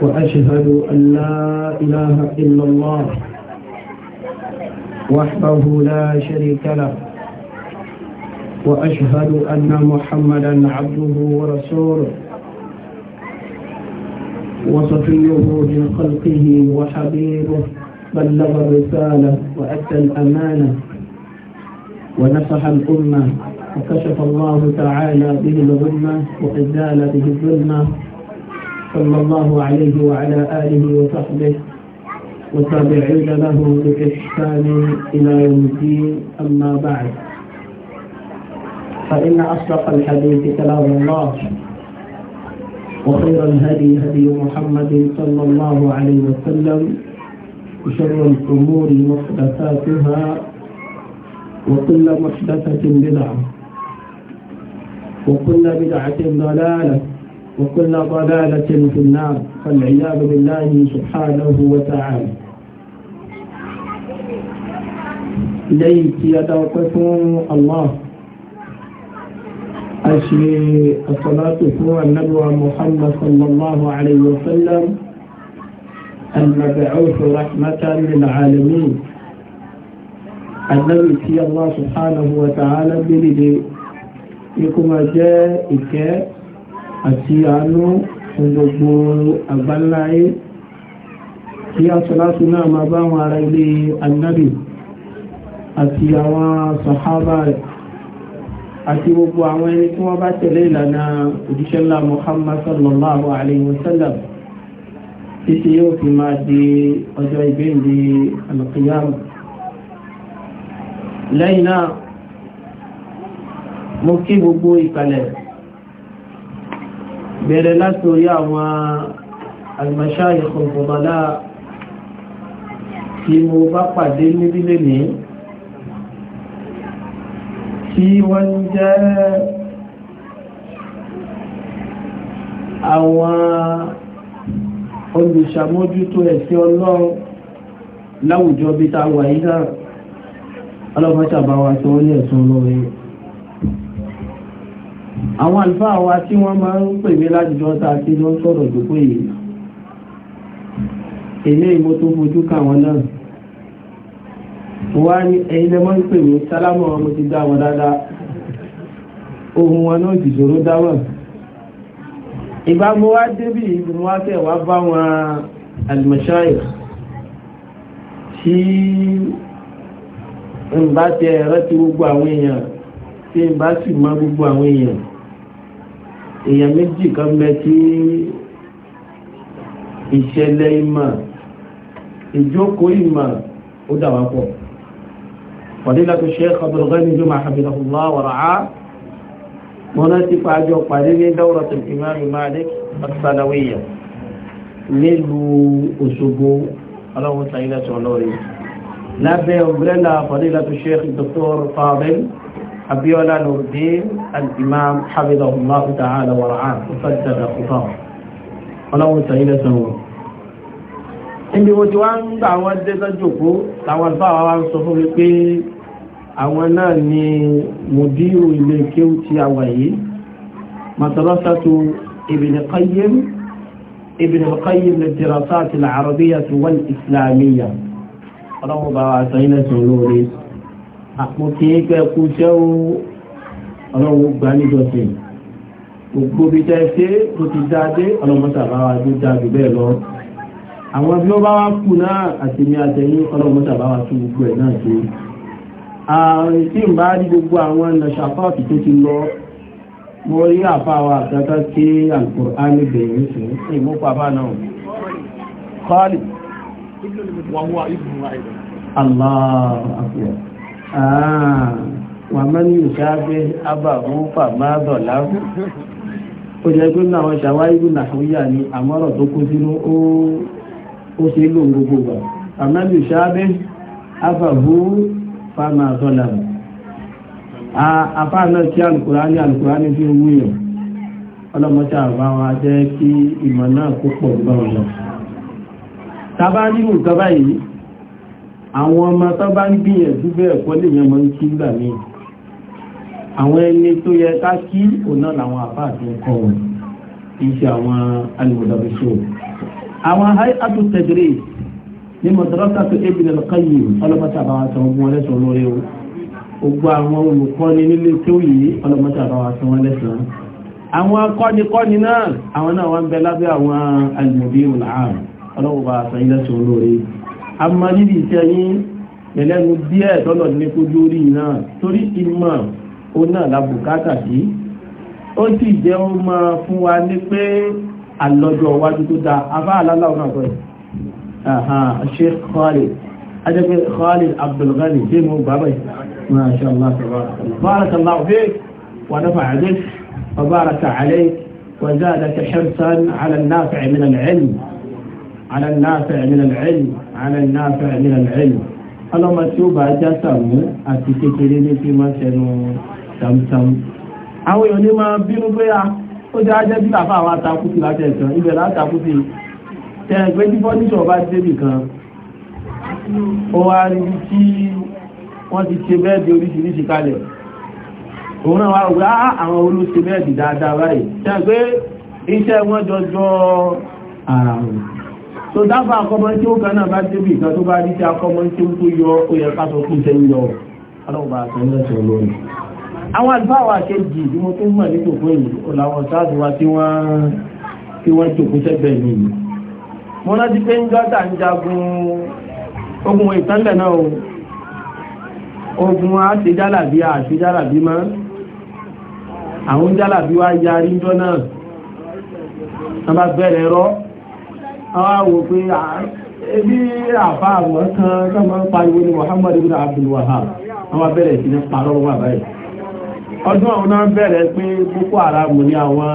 وأشهد أن لا إله إلا الله وحده لا شريك له وأشهد أن محمدا عبده ورسوله وصفيه من خلقه وحبيبه بلغ الرسالة وأدى الأمانة ونصح الأمة وكشف الله تعالى به الغمة وإزال به الظلمة صلى الله عليه وعلى آله وصحبه وتابعين له بإحسان إلى يوم الدين أما بعد فإن أصدق الحديث كلام الله وخير الهدي هدي محمد صلى الله عليه وسلم وشر الأمور محدثاتها وكل محدثة بدعة وكل بدعة ضلالة وكل ضلالة في النار فالعياذ بالله سبحانه وتعالى ليت يتوقف الله أشري الصلاة هو النبوة محمد صلى الله عليه وسلم المبعوث رحمة للعالمين النبي في الله سبحانه وتعالى بلدي يكما جاء إكاء àti àánú fún gbogbo àgbáláyé tí àṣọlátù náà máa bá wọn ará ilé annabi àti àwọn sàhábà rẹ̀ àti gbogbo àwọn ẹni tí wọ́n bá tẹ̀lé ìlànà òjíṣẹ́ ńlá Muhammad sallallahu alayhi wa sallam títí yóò fi máa di ọjọ́ ìgbéǹde alùpùpù lẹ́yìn náà mo kí gbogbo ìkàlẹ̀ bẹ̀rẹ̀ láti orí àwọn al-mashayikh al-fudala tí mo bá pàdé níbí lèní tí wọ́n jẹ́ àwọn olùṣàmójútó ẹ̀sìn ọlọ́run láwùjọ bí ta wà yí náà ọlọ́pàá ṣàbáwá tí wọ́n ní ẹ̀sùn olóore àwọn àlùfáà wa tí wọ́n máa ń pè mí lájújọ ta kí ló ń sọ̀rọ̀ jókòó yìí èlé mo tó fojú káwọn náà wá ní ẹ̀yin lẹ́mọ́ ń pè mí sálámọ̀ wọn mo ti dá wọn dáadáa ohun wọn náà ti ṣòro dáwọ̀ ìgbà wá débì ibi wá tẹ̀ wá bá wọn àlùmọ̀ṣáyà tí n bá tẹ ẹ̀rọ ti gbogbo àwọn èèyàn tí n bá sì mọ gbogbo àwọn èèyàn èèyàn méjì kan bẹ tí ìṣẹ̀lẹ̀ ìmọ̀ ìjókòó ìmọ̀ ó dà wá pọ̀ fadila tó Sheikh Abdul Ghani Juma hafidhahullah wa ra'ah wọn náà ti pàjọ pàdé ní dawratul Imam Malik as-Salawiyya nílùú Òṣogbo ọlọ́run sàyílẹ̀ fadila tó Sheikh Dr. Fadil Abíọ́lá Nurdin al-Imam Hafizahullahu Ta'ala wa ra'ah fẹ́jẹ̀dà kúfà ọlọ́run sàílẹ̀ sanwó. Ibi wo ti wá ń gbà àwọn dẹ́sẹ́jòkó láwọn alfáà wá ń sọ fún mi pé àwọn náà ni mùdírù ilé kéwú ti àwà yìí, Madrasatu Ibn Qayyim, Ibn Qayyim lid-Dirasati al-Arabiyyati wal-Islamiyya. Ọlọ́run bá wa sàílẹ̀ sanwó lórí àpótí pẹ́ kú jẹ́ ọlọ́run gbà níjọsìn gbogbo bí jẹ́ ṣe tó ti dáadé ọlọ́mọ́sàbáwá tó dáadé bẹ́ẹ̀ lọ àwọn bí ó bá wá kù náà àti ní àtẹ̀yìn ọlọ́mọ́sàbáwá tó gbogbo ẹ̀ náà ṣe àwọn tí ń bá rí gbogbo àwọn nàṣàfáàtì tó ti lọ mo rí àfáwà àtàkà sí Al-Qur'ani bẹ̀rẹ̀ sí ìmúpapá náà kọ́lì Allah akbar wàmán yóò ṣááfẹ́ abàmú pàmádọ̀ láàrú ó jẹ́ pé náà wọ́n ṣàwáyé nàìjíríà ni àmọ́rọ̀ tó kó sínú ó ṣe gbogbo gbà wàmán yóò abàmú pàmádọ̀ láàrú afá náà tí fi wú yàn ọlọ́mọta àbá wa jẹ́ kí ìmọ̀ náà kó pọ̀ gbọ́n lọ. nínú àwọn ọmọ tó bá ń gbìyànjú bẹ́ẹ̀ kọ́ lè yẹn mọ́ ń kí gbà mí àwọn ẹni tó yẹ ká kí òná làwọn wọn kì í ṣe àwọn àwọn ní madrasatu Ibn al-Qayyim ọlọ́mọta àbáwá tán wọn lẹ́sọ̀ lórí o gbogbo àwọn olùkọ́ni nílé tó yìí àbáwá lẹ́sọ̀ àwọn akọ́nikọ́ni náà àwọn náà wọ́n ń bẹ lábẹ́ àwọn àmọ́ rírì iṣẹ́ yín ẹlẹ́nu díẹ̀ tọ́lọ̀ ní kójú orí náà torí ìmọ̀ òun náà la bùkátà sí ó sì jẹ́ ó máa fún wa ní pé àlọ́jọ́ iwájú tó dáa afá aláláwọ̀ náà pẹ̀lú Sheikh Khalid ajẹ́pẹ́ Khalid Abdulghani dé mú bàbá yìí masha Allah barakallahu fik wa nafa'a bik wa baraka alayk ààrẹ náà fẹ́ ní ẹ̀lẹ́yìn ọlọ́mọ tí ó bá já sàmú àti kékeré ní kí máa ṣẹnu sàmùsàmù àwọn èèyàn ní máa bínú pé a ó jẹ́ ajẹ́ sí làfà àwọn atakùsì láti ẹ̀sán ibẹ̀ látakùsì tẹ ẹgbẹ́ tí fọ́níṣọ̀ bá débì kan ó wá rí tí wọ́n ti ṣe bẹ́ẹ̀dì oríṣiríṣi kalẹ̀ òun náà wá wá àwọn olóṣèlú ẹ̀dì dáadáa báyìí tẹ ẹgbẹ́ iṣẹ́ wọn jọjọ àrùn tó dábàá akọ́mọ tí ó kanáà bá débi ìkan tó bá rí sí akọ́mọ tí ó tó yọ ó yẹ ká sọ fún iṣẹ́ ń yọ ọlọ́ọ̀bá àtẹnudẹ́sẹ̀ lórí. àwọn àlùfáà wa kejì tí mo tún mọ̀ nípò fún yìí ó làwọn sáàdù wa tí wọ́n tí wọ́n jòkó sẹ́gbẹ̀ẹ́ mi yìí. mo rántí pé ń dọ́tà ń jagun ogun ìtànlẹ̀ náà o ogun àṣejálàbí àṣejálàbí máa àwọn jálàbí wa yarí jọ náà wọ́n bá bẹ̀rẹ̀ rọ́ àwọn àwò pé ẹbí àfá àwọn kan kọ́mọ́ pariwo ní Muhammad ibn Abdul Wahab àwọn abẹ́rẹ̀ sí ní parọ́ wà báyìí ọdún àwọn náà bẹ̀rẹ̀ pé Boko Haram ní àwọn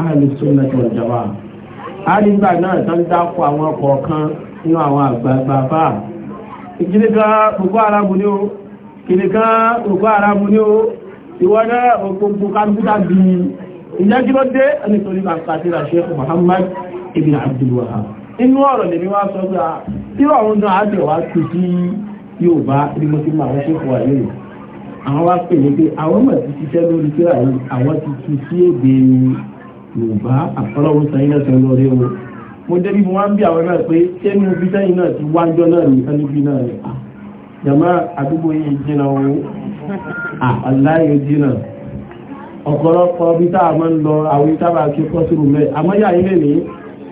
Ahlus Sunnah wal Jamaa àdìgbà náà tán dákọ̀ àwọn kọ̀ọ̀kan nínú àwọn àgbààgbà bá ìkìníkan Boko Haram ní o kìníkan Boko Haram ní o ìwọ́nà ògbògbò kàmúta Muhammad ibn Abdul Wahhab inú ọ̀rọ̀ lèmi wá sọ pé ah, irú àwọn náà á tẹ̀ wá pè sí Yorùbá ní mo ti mọ àwọn ṣèkọ wà lónìí àwọn wá pè ní pé àwọn mọ̀ ti ṣiṣẹ́ lórí kíra yìí àwọn ti tu sí èdè Yorùbá àfọlọ́wọ́ sẹ́yìn náà sẹ́yìn lórí o mo débi mo wá ń bí àwọn náà pé ṣé ní ibi sẹ́yìn náà ti wájọ́ náà ní ẹnubí náà rẹ̀ ah, jàmá àdúgbò yìí jìnnà o àláyé ah, jìnnà ọ̀pọ̀lọpọ̀ bí táà máa ń lọ àwọn ìtàbà kí kọ́ mẹ́ àmọ́ yà ilé nìyí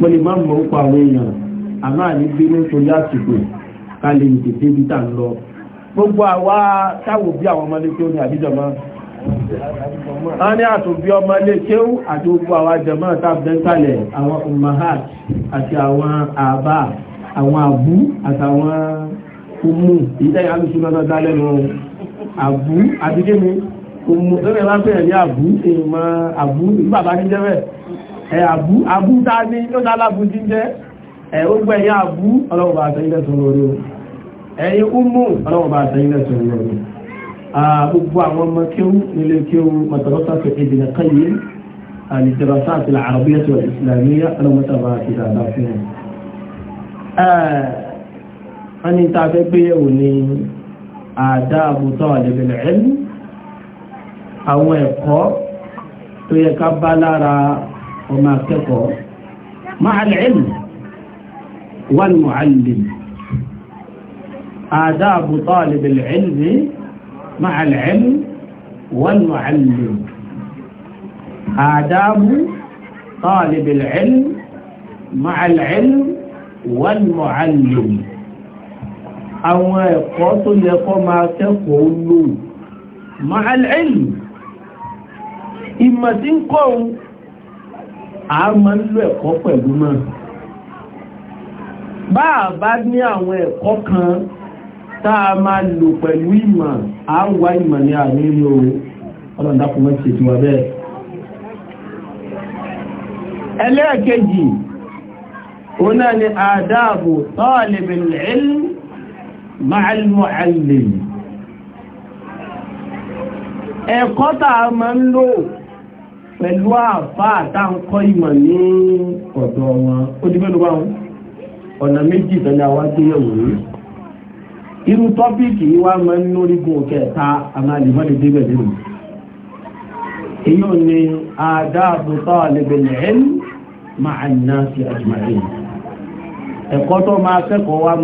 mo lè má mọ̀ ń pa àwọn èèyàn àmọ́ àní bínú torí àsìkò ká lè ní tètè bí tà ń lọ gbogbo àwa táwọn òbí àwọn ọmọlé tó ní àbíjọmọ́ a ní àtòbí ọmọlé kéwú àti gbogbo àwa jẹmọ́ tábẹ́ntàlẹ̀ àwọn umahat àti àwọn àbá àwọn àbú àtàwọn umu ìdáyà alùsùn náà dálẹ́nu àbú àbíkémi umu tó mẹ́rin lábẹ́rẹ̀ ní àbú àbú àbúta ní ló dálábù ti jẹ́ orúkọ ẹ̀yà àbú ọlọ́wọ̀bà àtẹ́yìnlẹ̀ tó lórí ẹ̀yìn umu ọlọ́wọ̀bà àtẹ́yìnlẹ̀ tó lórí gbogbo àwọn ọmọ kéwú nílé kéwú mọ̀tàlọ́sàfẹ́ ìdìnà káyé الدراسات العربية والإسلامية المتابعة إلى دافعين أن تتبعوني آداب طالب العلم أو ẹ̀kọ́ tó yẹ ká bá lára وما كفر مع العلم والمعلم آداب طالب العلم مع العلم والمعلم آداب طالب العلم مع العلم والمعلم أو قتل ما تقول مع العلم إما تنقوم a máa ń lo ẹ̀kọ́ pẹ̀lú náà bá a bá ní àwọn ẹ̀kọ́ kan tá a máa lò pẹ̀lú ìmọ̀ a ń wá ìmọ̀ ní àmì ìlú ọlọ́dàkùnmọ́ ṣètò wa bẹ́ẹ̀ ẹlẹ́ẹ̀kejì ọ̀nà ni àdáàbò tọ́ọ̀lẹ̀bìn pẹ̀lú àfá àtàǹkọ́ ìmọ̀ ní ọ̀dọ̀ wọn ó di mẹ́nu báwọn ọ̀nà méjì ìtọ́lẹ̀ àwọn agbéyẹ̀wò rí irú tọ́pìkì yìí wá máa ń lórígun kẹta àmà àlìmọ́lẹ̀ débẹ̀ lérò èyí ò ní àdáàbòtọ́ àlebèlè ẹ̀ń máa ń ná sí àjùmọ̀lẹ̀ ẹ̀kọ́ tó máa kẹ́kọ̀ọ́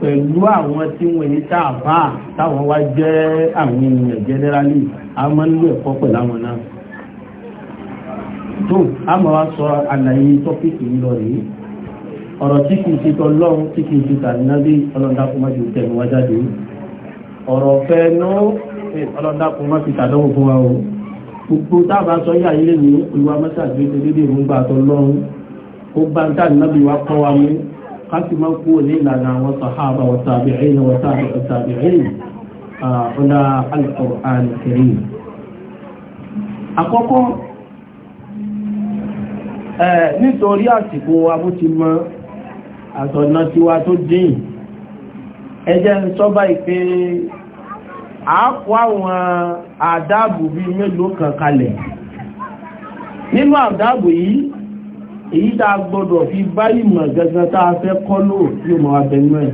pẹ̀lú àwọn tí wọ́n ní tààfà táwọn wá jẹ́ àwọn ènìyàn generally a máa ń ẹ̀kọ́ pẹ̀lú àwọn náà tó a máa wá sọ àlàyé tọ́pìkì yìí lọ rèé ọ̀rọ̀ tí kìí ṣe tọ́ lọ́run tí kìí ṣe tàbí ọlọ́dàkùnmájú tẹ̀míwájáde ọ̀rọ̀ fẹ́ náà ọlọ́dàkùnmájú tàdánwò fún wa o gbogbo tábà sọ yà ilé ní olúwa mẹ́sàgbé tó dédé ìrúngbà tọ́ lọ́run ó bá ń tà nínábi wa kọ́ wa mú káàkiri àkọ́kọ́ nítorí àsìkò abútimọ́ àtọ̀nà tiwa tó dín ẹjẹ́ sọ́bá ìpé àápò àwọn àdáàbò bí mélòó kan kalẹ̀ nínú àdáàbò yìí èyí tá a gbọdọ̀ fi báyìí mọ̀ gẹ́gẹ́ tá a fẹ́ kọ́ lóòtí ọmọ abẹnú ẹ̀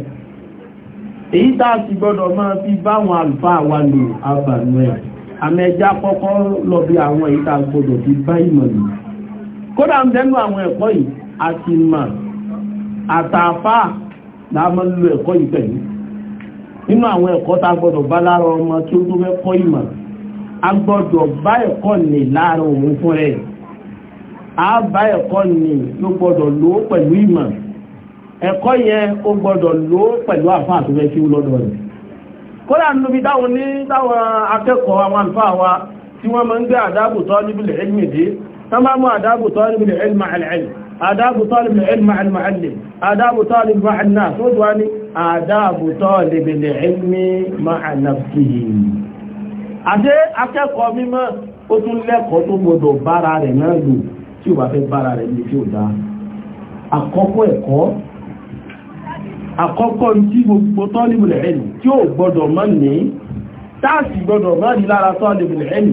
èyí tá a sì gbọdọ̀ máa fi báwọn àlùfáà wa lò abànú ẹ̀ àmẹ́já kọ́kọ́ lọ bí àwọn èyí tá a gbọdọ̀ fi báyìí mọ̀ lò kódà ń bẹ́nu àwọn ẹ̀kọ́ yìí àti mà àtàfà láàmọ́ lù ẹ̀kọ́ yìí pẹ̀lú nínú àwọn ẹ̀kọ́ ta gbọ́dọ̀ bá lára ọmọ tí ó tó fẹ́ kọ́ ìmọ̀ a gbọ́dọ̀ bá ẹ̀kọ́ nì lára òun fún rẹ̀ a bá ẹ̀kọ́ nì ló pẹ̀lú ìmọ̀ ẹ̀kọ́ yẹn ó pẹ̀lú fẹ́ kí ó lọ́dọ̀ rẹ̀ kódà táwọn akẹ́kọ̀ọ́ àwọn àlùfáà wa tí wọ́n máa تمام آداب طالب العلم مع العلم آداب طالب العلم مع المعلم آداب طالب مع الناس وضعني آداب طالب العلم مع نفسه àṣẹ akẹ́kọ̀ọ́ mímọ́ ó tún lẹ́kọ̀ọ́ tó gbọdọ̀ bára rẹ̀ náà lò tí ó bá fẹ́ bára rẹ̀ ní tí ó dá àkọ́kọ́ ẹ̀kọ́ àkọ́kọ́ tí gbogbo tọ́lìbìlẹ̀ ẹni tí ó gbọdọ̀ mọ́ ní táàsì gbọdọ̀ mọ́ ní lára tọ́lìbìlẹ̀ ẹni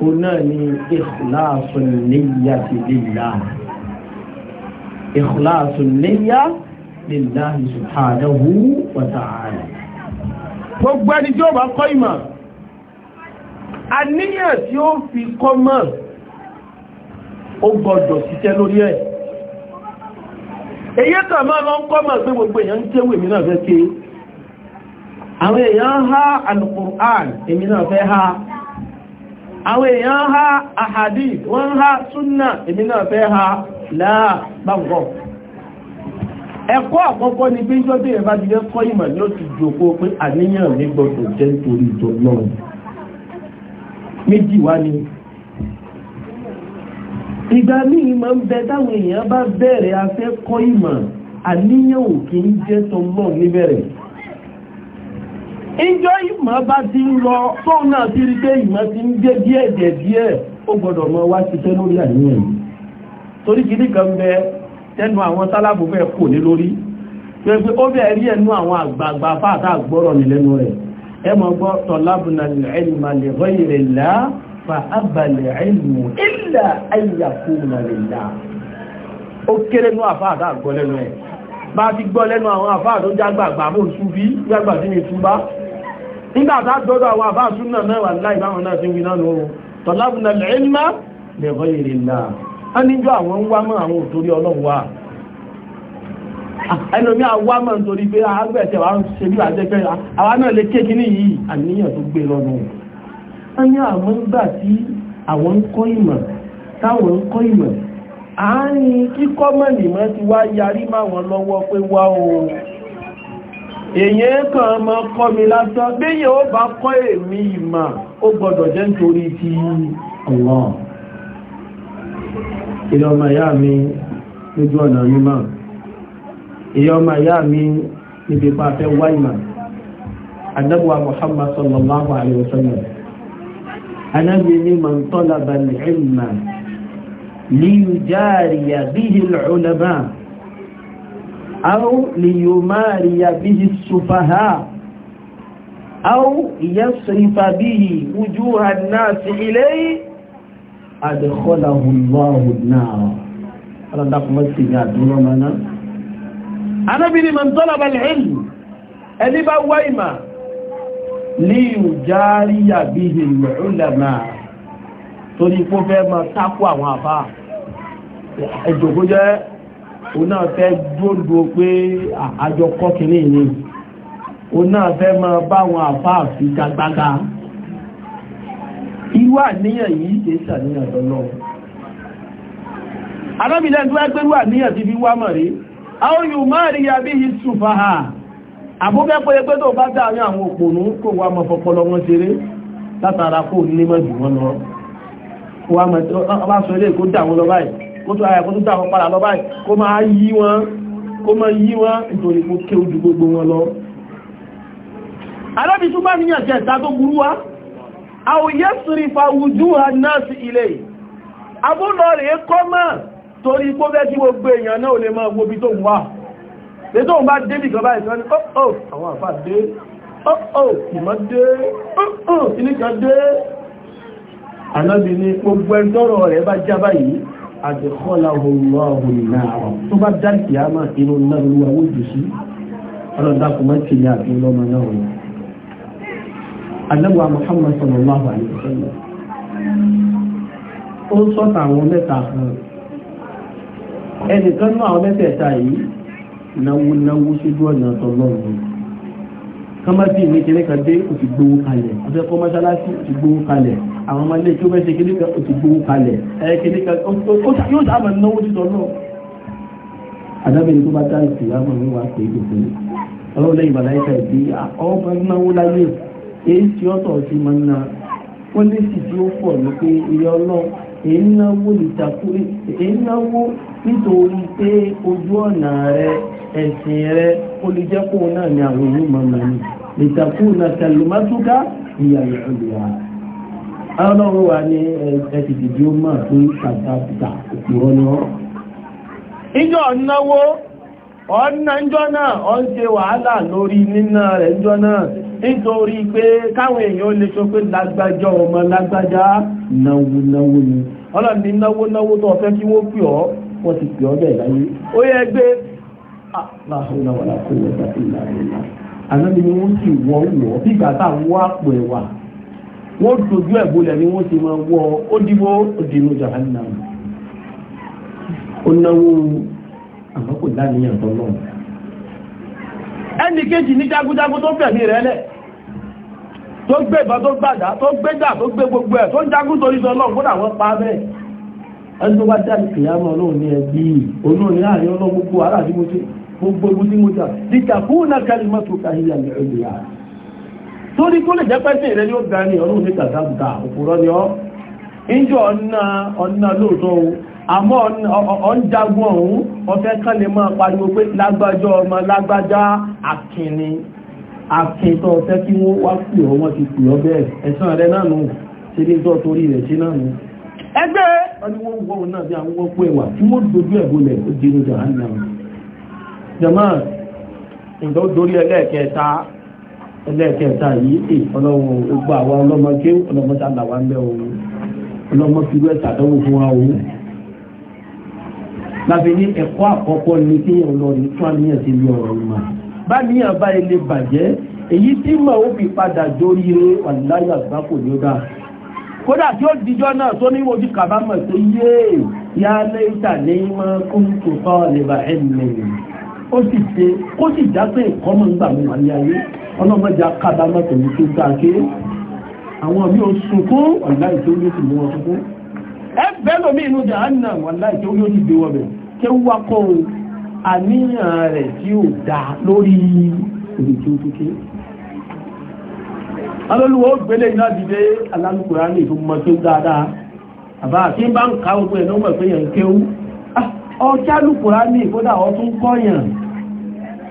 o náà ni ikhlasu niyyati lillah ikhlasu niyyah lillahi subhanahu wa ta'ala gbogbo ẹni tí ó bá kọ́ ìmọ̀ àníyàn tí ó fi kọ́ mọ̀ ó gbọ́dọ̀ ṣiṣẹ́ lórí ẹ̀ èyí kà máa lọ kọ́ mọ̀ pé gbogbo èèyàn ń tẹ́wò èmi náà fẹ́ ké àwọn èèyàn há al-Qur'an èmi náà fẹ́ há àwọn èèyàn ha àhàdì wọ́n ha súnnà èmi náà fẹ́ ha láà báǹkọ́ ẹ̀kọ́ àkọ́kọ́ ni pé ìjọ́ tèèyàn bá ti jẹ́ kọ́ ìmọ̀ ni ó ti jòkó pé àníyàn mi gbọdọ̀ jẹ́ nítorí ìjọ náà méjì wá ni ìgbà míì máa ń bẹ táwọn èèyàn bá bẹ̀rẹ̀ afẹ́ kọ́ ìmọ̀ àníyàn ò kì jẹ́ tọ́lọ́ níbẹ̀rẹ̀ ìjọ ìmọ̀ bá ti ń lọ tóun náà ti rí pé ìmọ̀ ti ń gbé díẹ̀ díẹ̀ díẹ̀ ó gbọ́dọ̀ mọ wá ṣiṣẹ́ lórí àníyàn yìí torí kìíní kan bẹ tẹnu àwọn sálábù fẹ́ kò ní lórí pé ó bẹ̀ rí ẹnu àwọn àgbààgbà fáàtà gbọ́rọ̀ ní lẹ́nu rẹ̀ ẹ mọ̀ gbọ́ tọ̀lábùnà ìlmà lè rọ́ ìrẹ̀lá fa abàlẹ̀ ìlmù ìlà gbọ́ lẹ́nu ẹ̀ bá ti gbọ́ lẹ́nu àwọn àfáàdó jágbàgbà mọ́ nígbà tá dọ́dọ̀ àwọn àbá súnà náà wà láì báwọn náà ti wí náà nù tọ́lábùnà lẹ́yìnmá lẹ́kọ́ ìrìnlá a níjọ́ àwọn ń wá mọ́ àwọn òtórí ọlọ́run wa ẹlòmí àwa mọ́ nítorí pé agbẹ̀tẹ̀ wa ń ṣe bí àjẹpẹ́ àwa náà lè ké kíní yìí àníyàn tó gbé lọ́nu a ní àwọn gbà èyàn kan mọ́ kọ́ mi lásán béyàn ó bá kọ́ èmi ìmọ̀ ó gbọ́dọ̀ jẹ́ nítorí ti Allah ìyá ọmọ ìyá mi lójú ọ̀nà mímọ̀ ìyá ọmọ ìyá mi níbi pa fẹ́ wá ìmọ̀ anábùwà أو ليماري به السفهاء أو يصرف به وجوه الناس إليه أدخله الله النار أنا دقم السجاد ولمنا أنا بني من طلب العلم أني بويما ليجاري به العلماء torí kó fẹ́ mọ́ sákó àwọn àbá ẹjọ́gó jẹ́ òun náà fẹ́ dúró pé àjọ kọ́kiri ni òun ba fẹ́ máa báwọn àfáà fi gbagbaga yìí lọ́lọ́ tó ẹgbẹ́ ti fi wá mọ̀ rí àwọn yóò máa rí ṣùfà ha àbúgbẹ́ pé tó bá àwọn òpònú kò wá mọ̀ fọpọlọ wọn ṣeré látara ní mọ̀ jù wọn lọ wọ́n bá sọ ilé ìkó dà wọn lọ kó tó ayà kó tó dà wọn padà lọ báyìí kó máa yí wọn kó máa yí wọn nítorí mo ké ojú gbogbo wọn lọ alábi tó bá níyàn kẹta tó burú wa àwòyẹ́ sírí fàwùjú ànáàsì ilé abúlọ rẹ̀ kọ́ mọ́ torí kó bẹ́ tí gbogbo èèyàn náà lè máa gbobi tó wà lè tó ń bá débì kan báyìí kan ní ọ́ọ̀ oh, oh, àwọn àfà dé ọ́ọ̀ oh, ìmọ̀ dé ọ́ọ̀ ilé kan dé anábi ni gbogbo ẹ̀dọ́rọ̀ rẹ̀ bá já báyìí àdìkọ́láwò lọ́wọ́ náà tó bá dá ìyámà inú náà ló wà jù sí ọlọ́dàkùn mẹ́tì ní àti lọ́mọ náà wọ́n anábọ̀ Muhammad sallallahu alaihi wasallam ó sọ́ta àwọn mẹ́ta kan ẹnìkan náà àwọn mẹ́tẹ̀ẹ̀ta yìí náwó náwó síjú ọ̀nà tọ́lọ́run kọ́mọ́tì ní kẹ́lẹ́kàdé òfìgbówó kalẹ̀ ọ̀fẹ́ kọ́mọ́ṣáláṣí òfìgbówó kalẹ̀ àwọn ọmọ ilé kí ó mẹ́ṣe kí níka òtù gbówó kalẹ̀ ẹ̀ẹ́kì níka yóò dáàmà náwó títọ́ náà adábẹ̀rẹ̀ tó bá dá ìsìn láàmà ní wà pé ìgbòkó ọlọ́run lẹ́yìn bàlá ìta ìdí ọmọ náwó láyé èyí tí ó tọ̀ na wọ́n lè sì tí ó pọ̀ ní pé ilé ọlọ́run èyí náwó ìtàkùn nítorí pé ojú ọ̀nà rẹ ẹ̀sìn rẹ ó lè jẹ́ kóun náà ní àwọn èèyàn mọ̀mọ́ ni ìtàkùn náà kẹlùmátúkà ìyàwó ìlú ọlọ́run ụwa ní ẹ̀ẹ́dẹ̀dì tí ó máa tó ṣàtàkùtà òkúrọ́ ní ọ́. ìjọ náwó ọ̀nà ìjọ náà ọ ń ṣe wàhálà lórí nínà rẹ̀ ìjọ náà nítorí pé káwọn èèyàn lè sọ pé lágbájá ọmọ lágbájá náwó náwó ni náwó náwó tó kí ọ́ wọ́n ti ọ́ láyé ó yẹ gbé wọ́n dojú ẹ̀ bolẹ̀ ni wọ́n ti máa wọ́ ó dìbò òdìnnú jahannam ó náwó àmọ́ kò láníyàn tó lọ́wọ́ ẹnì kejì ní jagunjagun tó fẹ̀mí rẹ̀ lẹ̀ tó gbé ìbọn tó gbàdá tó gbogbo ẹ̀ tó ń jagun torí sọ lọ́wọ́ kódà wọ́n pa bẹ́ẹ̀ ẹni tó bá jáde kìyàmọ́ ọlọ́run ní ẹbí olóòrùn ní àárín ọlọ́gbogbo aláàdínmọ́tí gbogbo ogun tí jà fún torí tó lè jẹ́pẹ́ sí ìrẹ́ yóò ga ní ọ̀rún ní kàtàkùtà òpùrọ́ ni ọ́ ìjọ ọ̀nà lóòótọ́ ohun àmọ́ ọ̀njagun ọ̀hún ọ̀fẹ́ lè máa pariwo pé ọmọ lágbájá àkìní àkìntọ́ ọ̀fẹ́ kí wọ́n wá pè ti pè bẹ́ẹ̀ ẹ̀sán ṣe ní torí rẹ̀ sí ẹgbẹ́ wọ́n ẹlẹ́ẹ̀kẹta yìí ẹ̀ eh, ọlọ́run gbogbo àwọn ọlọ́mọ ké ọlọ́mọ tá a là wá ń bẹ́ òun ọlọ́mọ fi wẹ́ sàdánwò fún wa òun. láti ní ẹ̀kọ́ àkọ́kọ́ ni kí ọlọ́run fún àníyàn sí ilé ọ̀rọ̀ ìmọ̀ bá níyàn bá ilé bàjẹ́ èyí tí mọ̀ ó fi padà dórí eré wàláyà àgbà kò ní ó dáa kódà tí ó dijọ́ náà tó ní ojú kàbámọ̀ tó yé yálé ìtàlẹ́yìn mọ́ kó ń tó kọ́ ọ ó sì ṣe kó sì já pé nǹkan mọ̀ ń gbà mí wà ní ayé ọlọ́mọdé akábámọ́ tòun tó dáa ké àwọn mi ò sunkún ọ̀la ìtò yóò sì mú wọn sunkún ẹ bẹ́ẹ̀ lómi inú jàánà ọ̀la ìtò yóò sì gbé wọn bẹ̀ kí ó wá kọ́ ohun àníyàn rẹ̀ tí ó dá lórí èdè tí ó tó ké alóluwọ́ gbélé iná dìde alálùkùrá ní ìfúnmọ́ tó dáadáa àbá àti bá ń ka ogun ẹ̀ lọ́wọ́ ìpéyàn kéwú ah, ọjà lùkùrá ní ìkódà ọtún kọ́yàn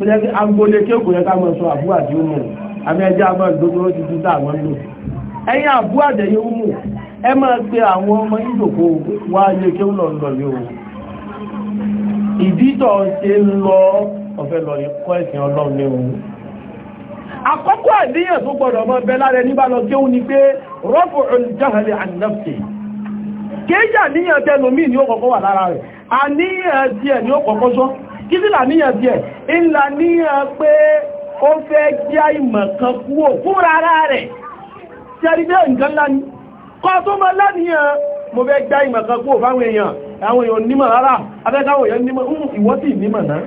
tó jẹ́ pé agbolé kí òkú yẹ ká mọ̀ sọ àbú àti umu àmì ẹjẹ́ àmọ́ ìdókòrò ti tún táwọn ń lò ẹ̀yìn àbú àtẹ̀yẹ umu ẹ máa pe àwọn ọmọ ìjòkó wá ilé kí ó lọ lọ yóò ìdítọ̀ ṣe ń lọ ọ̀fẹ́ lọ ikọ́ ẹ̀sìn ọlọ́run ní òun àkọ́kọ́ àdíyàn tó gbọ́dọ̀ mọ́ bẹ lára ẹni bá lọ kí ó ní pé rọ́pù olùjáhàlì àdínàfẹ́ kéjà níyàn tẹ́lómí ni ó kọ́kọ́ wà lára rẹ̀ àníyàn tí ẹ̀ ni ó kọ́kọ́ sọ́ kí sí làníyàn bí ẹ̀ ìlà níyàn pé ó fẹ́ já ìmọ̀ kan kúrò fún rárá rẹ̀ tí a rí bẹ́ nǹkan láni kọ́ tó mọ́ láníyàn mo fẹ́ já ìmọ̀ kan kúrò fáwọn èèyàn àwọn èèyàn nímọ̀ rárá abẹ́káwọn èèyàn nímọ̀ ìwọ́sì nímọ̀ náà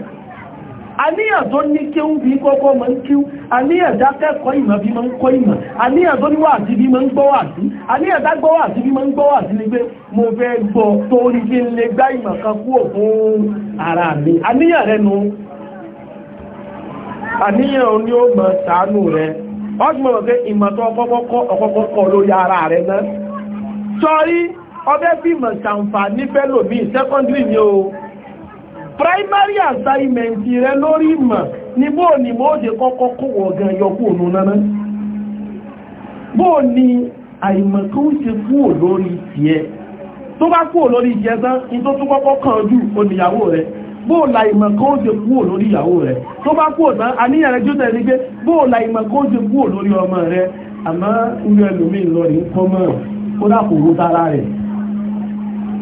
àníyàn tó ní kí ń ma kọ́kọ́ mọ́ ń kí àníyàn dákẹ́kọ́ ìmọ̀ bí mọ́ ń kọ́ ìmọ̀ àníyàn tó ní sí bí mọ́ ń gbọ́ wà sí àníyàn wà sí bí ń gbọ́ mo fẹ́ gbọ́ lè gbá kan ara nu àníyàn ni ó mọ̀ rẹ mọ̀ pé lórí ara rẹ náà sọrí ọbẹ̀ bí secondary o primary assignment rẹ lórí ìmọ̀ ni bó ni mo ṣe kọ́kọ́ kó ọ̀gán yọkú òun náà bó ní àìmọ̀ tó ń ṣe kúò lórí tiẹ̀ tó bá kúò lórí tiẹ̀ tán ní tó tún kọ́kọ́ kàn jù oníyàwó rẹ̀ bóòlà ìmọ̀ kan ó ṣe kúrò lórí ìyàwó rẹ̀ tó bá kúrò náà àníyàn rẹ̀ jótẹ̀ ní pé bóòlà ìmọ̀ kan ó ṣe kúrò lórí ọmọ rẹ̀ àmọ́ irú ẹlòmíì lọ kó dàpọ̀ owó rẹ̀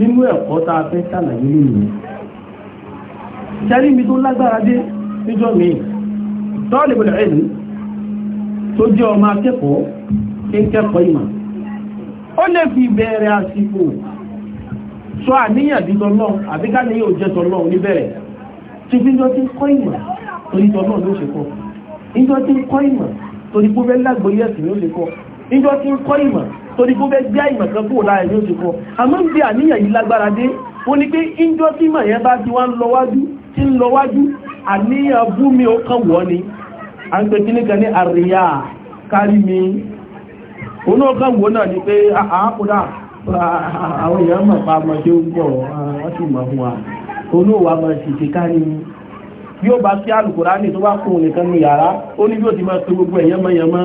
nínú ẹ̀kọ́ tá a fẹ́ ṣàlàyé lónìí ṣẹ́rí mi tó lágbára dé níjọ́ mi talibul ilm tó jẹ́ ọmọ akẹ́kọ̀ọ́ tí ń kẹ́kọ̀ọ́ ìmọ̀ ó lè fi bẹ̀rẹ̀ àsìkò sọ àníyàn bí tọ́lọ́ àbíká ní yóò jẹ́ tọ́lọ́ níbẹ̀rẹ̀ tí fi jọ tí kọ́ ìmọ̀ torí tọ́lọ́ ló ṣe kọ́ ìjọ tí kọ́ ìmọ̀ torí pé lágbóyè ẹ̀sìn ló ṣe kọ́ ìjọ tí kọ́ torí kó fẹ́ gbá ìmọ̀ kan kúrò láàrin yóò ti kọ́ àmọ́ ń gbé àníyàn yìí lágbára dé ó ní pé ìjọ tí mọ̀ yẹn bá ti wá ń lọ wájú tí ń lọ àníyàn bú mi ó kàn wọ́ ni a ń pè kí ní kan ní àríyá kárí mi òun ó kàn wọ́ náà ni pé àákúdà ah, ah, àwọn èèyàn mọ̀ pa bí ó bá sí àlùkùránì tó bá kún nìkan ní yàrá ó ní bí ó ti máa pe gbogbo ẹ̀yẹ́mọ́yẹ́mọ́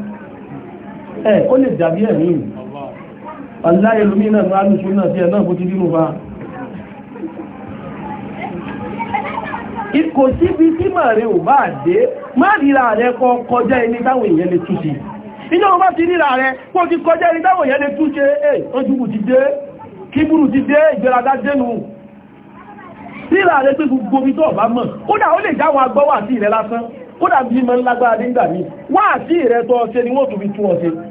ẹ̀ ó lè dàbí ẹ̀mí aláìlúmí náà ní alùsù náà sí ẹ̀ náà bó ti dínú bá kò síbi tí màá rẹ̀ ò bá dé má ríra rẹ̀ kọ kọjá ẹni táwọn èèyàn lè tún sí iná ọba ti ríra rẹ̀ kó ti kọjá ẹni táwọn èèyàn lè tún ṣe ẹ̀ ojúbù ti dé kíbùrù ti dé ìgbéraga dénú ríra rẹ̀ pé gbogbo omi tó ọba mọ̀ kódà ó lè jáwọn agbọ́wà sí rẹ̀ lásán kódà bí mọ́ ńlágbára nígbà ní wá sí rẹ̀ tọ́ ṣe ni wọ́n tún fi tún ọ ṣe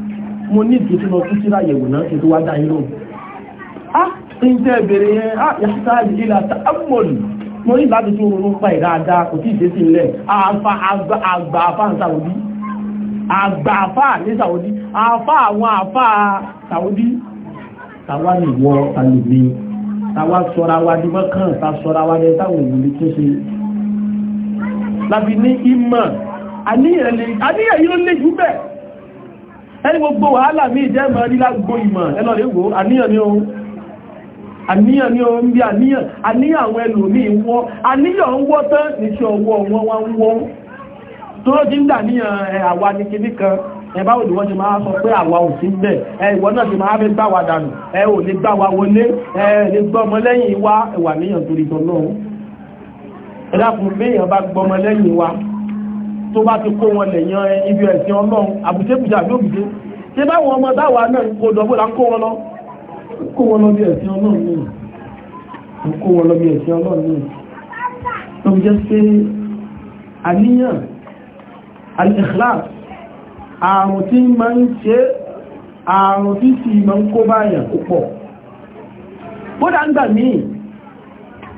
mo ní ìtòtí lọ tún síra yẹ̀wò náà kí tó wá dá yín lóhùn ah ń tẹ́ bèrè yẹn ah yàtá ìlà tààmùlù ah, mo ní láti tún ronú pa ìdáadá kò tí ìdé sí ilẹ̀ àgbà àfà ní sàwọ́dí àgbà àfà ní sàwọ́dí àfà àwọn àfà sàwọ́dí tàwa lè wọ àlùmí tàwa sọ́ra wa ní mọ́kàn tà sọ́ra wa ní táwọn òwúlé tó ṣe láti ní ìmọ̀ àníyàn yìí ló lè jù bẹ́ẹ̀ ẹni gbogbo wàhálà mi jẹ́ mọ̀ ní lágbó ìmọ̀ ẹlọ́lẹ́gbò àníyàn ni ohun ni bí àníyàn àníyàn àwọn ẹlòmí wọ́ àníyàn ń wọ́ tán níṣẹ́ ọwọ́ wọn wá ń tó ló ti ń dàníyàn kan ẹ̀bá ma tó bá ti kó wọn lè yan ibi ẹ̀sìn ọlọ́run àbùtẹ́bùtẹ́ àbí òbùtẹ́ ṣé báwọn ọmọ dáwà náà kó dọ̀bọ̀ là ń kó wọn lọ kó wọn lọ bí ẹ̀sìn ọlọ́run náà ń kó wọn lọ bí ẹ̀sìn ọlọ́run náà tó jẹ́ pé àníyàn al-ikhlas àrùn tí máa ń ṣe àrùn tí sì máa ń kó báyàn púpọ̀ bódá ń gbà míì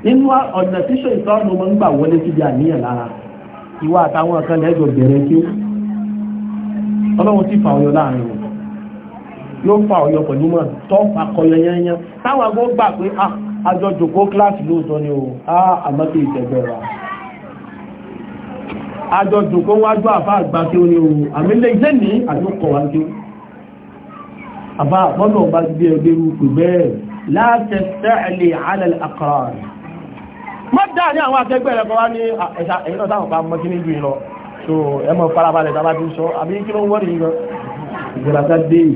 nínú ọ̀nà tíṣọ̀ ìtọ́nù máa ń gbà wọlé síbi àníyàn lára ìwà àtàwọn ọ̀kan lẹ́jọ bẹ̀rẹ̀ kí ọlọ́run sì fà ọyọ láàrin wọn ló fà ọyọ pẹ̀lú mọ̀ tó àkọyọ yẹnyẹn táwọn agbó gbà pé àjọ ah, jòkó kíláàsì lóòótọ́ ni o ah, àmọ́ kí ìtẹ̀gbẹ̀ rà àjọ jòkó wájú àfá àgbà kí o ní o àmìlẹ̀ ilé ní àjọkọ̀ wá mọ́ dáa ní àwọn akẹgbẹ́ rẹ̀ kọ́ wá ní ah, ẹ̀ṣà ẹ̀yìn náà táwọn bá mọ́ kí ní ju ìlọ so ẹ mọ́ farabalẹ̀ tá a bá ti sọ àbí kí ló ń wọ́rì yìí lọ. ìgbàlásá dé yìí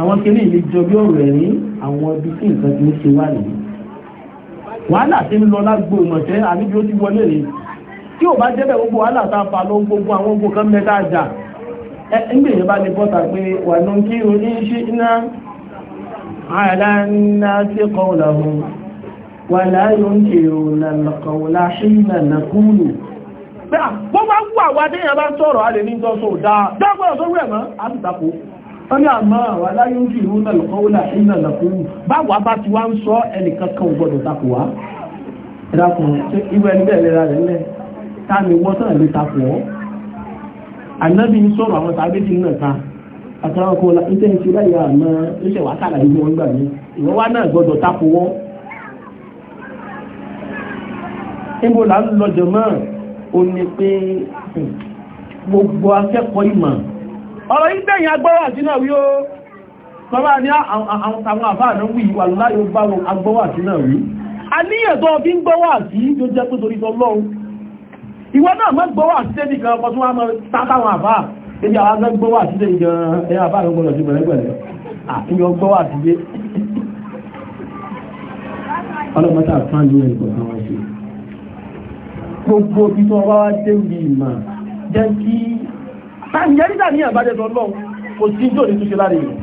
àwọn kiri ìlú jọ bí ọ̀rọ̀ ẹ̀rí àwọn ibi tí nǹkan ti ń ṣe lọ lágbo ìmọ̀tẹ́ àbí ó ti wọlé rèé tí ò bá jẹ́bẹ̀ gbogbo wàhálà tá fà lọ gbogbo àwọn ogun kan mẹ́ta àjà ẹgbẹ̀yìn bá ní bọ́ta pé wà ní kí o ní ṣe iná àìlànà sí kọ́ ọ̀làhùn wàlá yóò ń kèrò nàlọ́kọ̀ọ́lá ṣílẹ̀ nàkúlù pé àpọ́ bá wù àwọn adéyàn bá sọ̀rọ̀ a lè ní ìjọsọ dáa dágbọ́n sórí ẹ̀mọ́ àwọn aláyún ti wá ń sọ ẹnìkankan gbọ́dọ̀ takò wá ẹ̀dàkùn irú ẹni bẹ́ẹ̀ lera rẹ̀ lẹ́ náà ta àtàwọn kọ́lá níbo là ń lọ́jọ́ náà ó ní pé hmm, gbogbo akẹ́kọ̀ọ́ ìmọ̀ ọ̀rọ̀ ìgbẹ̀yìn agbọ́wà sí náà wí ó sọ́rọ̀ ní àwọn àfáàdán wí wà láyé ó bá agbọ́wà sí náà wí àníyàntọ́ bí ń gbọ́wà sí yóò jẹ́ pé torí tọ́lọ́run ìwọ náà mọ́ gbọ́wà sí tẹ́bí kan ọkọ̀ tó wá mọ́ tátáwọn àfá ebi àwọn agbẹ́ gbọ́wà sí tẹ́bí gan ẹ àfá àwọn ọgbọ́n ọ̀sẹ̀ pẹ̀lẹ́pẹ̀lẹ́ àfihàn gbọ́wà sí gbé ọlọ́mọta fún àjọ ẹ̀kọ́ kan wọ́n ṣe gbogbo bí tó wá dé ní ìmọ̀ jẹ́ kí tàbíyàrídà ní àbájẹ́ tọ́lọ́ kò sí jò ní túnṣe láre rẹ̀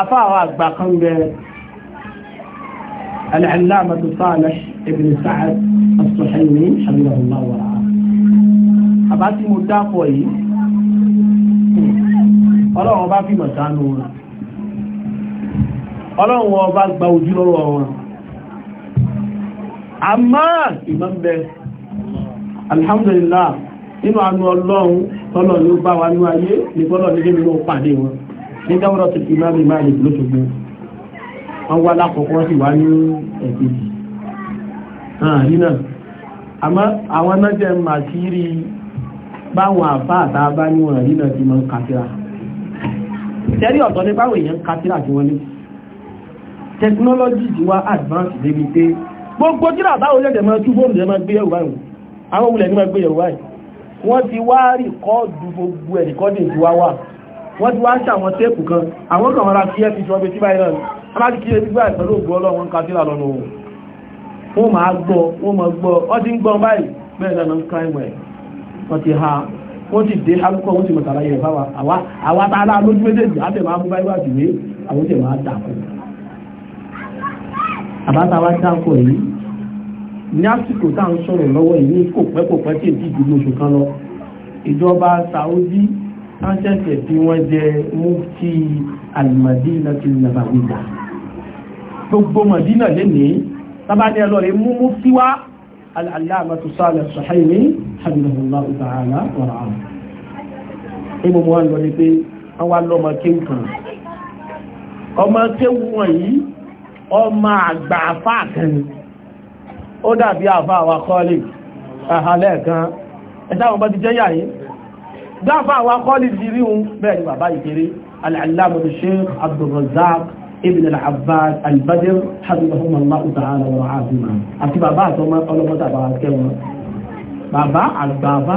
afá àwọn àgbà kan rẹ̀ al-allamatu Salih ibn Sa'd as-Suhaymi habibullah wa àbá tí mo dápọ̀ yìí ọlọ́run bá fi ọba gba ojú lọ́wọ́ wọn àmá ìmọ̀ bẹ alhamdulillah nínú àánú ọlọ́run tọ́lọ̀ ló bá wa ní ayé ní bọ́lọ̀ ní gẹ́gẹ́ ló pàdé wọn ní dáwọ́rọ̀ tó ti máa mi máa lè lóṣogbo wọ́n wá lákọ̀ọ́kọ́ sì wá ní ẹ̀kejì àrínà àmọ́ àwọn náà jẹ́ màá sí rí báwọn ní báwọn èèyàn ti wá advance débi pé gbogbo tíra báwo lẹ́dẹ̀ máa túbọ̀ lẹ́dẹ̀ máa gbé ẹ̀rù báyìí àwọn olè ní máa gbé ẹ̀rù báyìí wọ́n ti wá rìkọ́ọ̀dù gbogbo ẹ̀ rìkọ́ọ̀dù ti wá wà wọ́n ti wá ń ṣàwọn téèpù kan àwọn kan ra kí ẹ ti sọ pé tí báyìí náà aláàdì kí ẹ ti gbáyìí pẹ̀lú ògbó ọlọ́run àbáta wá dáko yìí ní àsìkò tá à ń sọ̀rọ̀ lọ́wọ́ yìí ní kò pẹ́ kò pẹ́ tí èdè ìdìbò oṣù kan lọ ìjọba Saudi sáńsẹ̀sẹ̀ tí wọ́n jẹ mufti alimadina ti nàbàwìgbà gbogbo madina lénìí sábàdé ẹlọ́rẹ̀ mú mufti wá al-allamatu Salih as-Suhaimi hamidullahu ta'ala wa ra'ah ìmọ̀ mọ́ wọn lọ ní pé wọ́n wá lọ́mọ kéwù kan ọmọ kéwù wọn yìí ọmọ àgbà àfáà kan ni ó dàbí àfáà wa kọ́lì àhàlẹ́ kan ẹ̀sáwọn bá ti jẹ́ yàyí dáfáà wa kọ́lì ti rí un bẹ́ẹ̀ ni bàbá ìkéré al-allama sheikh abdulrazak ibn al-abbas al-badr hafidhahumullahu ta'ala wa rahimahum àti bàbá àtọmọ ọlọ́mọta bàbá kẹwọn bàbá àgbàfà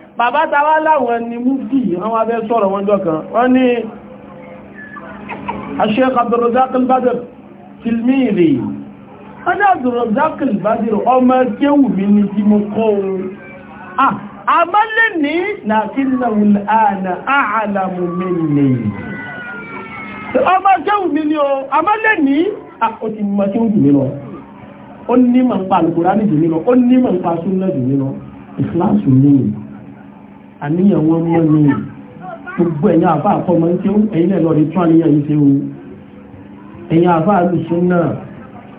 bàbá tàwà láwọn ni múfì àwọn abẹ́ sọ̀rọ̀ wọn jọkan wọ́n ní Sheikh Abdurrazak al-Badr tilmiri wọ́n ní Abdurrazak al-Badr ọmọ kéwù mi ni tí mo kọ́ ohun àmọ́lẹ̀ ní nàkínàwò ààlà ààlàmù mi ni ọmọ kéwù mi ni o àmọ́lẹ̀ ní àkọtí mọ́ àníyàn wọn mọ́ ni gbogbo ẹ̀yin àbá àkọ́mọ́ ń tẹ́wọ́ ẹ̀yin náà lọ́ọ́ di tún àníyàn yìí tẹ́wọ́ ẹ̀yin àbá àlùsùn náà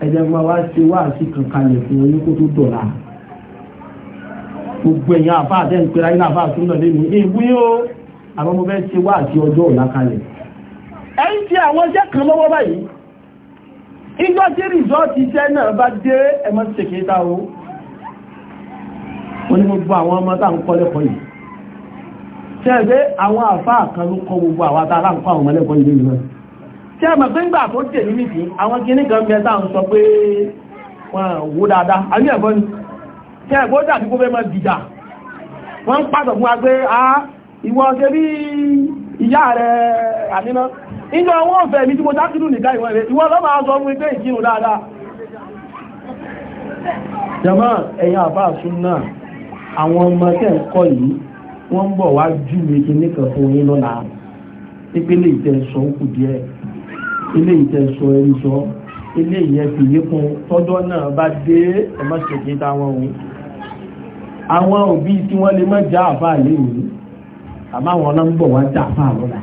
ẹ̀jẹ̀ máa wá ṣe wá sí kankanlẹ̀ fún wọn ní kó tó dọ̀la gbogbo ẹ̀yin àbá àtẹ̀ǹpẹ̀rẹ̀ ayé àbá àtún náà lẹ́nu èwé o àwọn ọmọ bẹ́ẹ̀ ṣe wá àti ọjọ́ ọ̀la kalẹ̀ wọ́n ní gbogbo àwọn ọmọ táwọn kọ́lẹ́kọ̀ọ́ yìí ṣẹ́gbẹ́ àwọn àfáà kan ló kọ gbogbo àwọn àtàrà ń kọ́ àwọn ọmọlẹ́kọ̀ọ́ ilé ìwọ̀n tí a mọ̀ pé ńgbà tó jẹ̀ ní nìtì àwọn kìíní kan mẹ́ta ń sọ pé wọ́n wó dáadáa àní ẹ̀kọ́ ni a ìwọ ṣe bí ìyá rẹ̀ àníná ìjọ wọn ò fẹ́ mi tí mo dákìdù nìka àbá àsún àwọn ọmọ tẹ́ ń kọ́ yìí wọ́n ń bọ̀ wá júwe kíní kan fún yín lọ́la ìpele ìtẹ̀sọ́ kù díẹ̀ ilé ìtẹ̀sọ́ ẹni sọ ilé ìyẹn fi yíkun tọ́jọ́ náà bá dé ẹ̀mọ́ ṣèké táwọn òun àwọn òbí tí wọ́n lè má já àfa àléwò àmọ́ àwọn ọ̀nà ń bọ̀ wá já àfa àlọ́la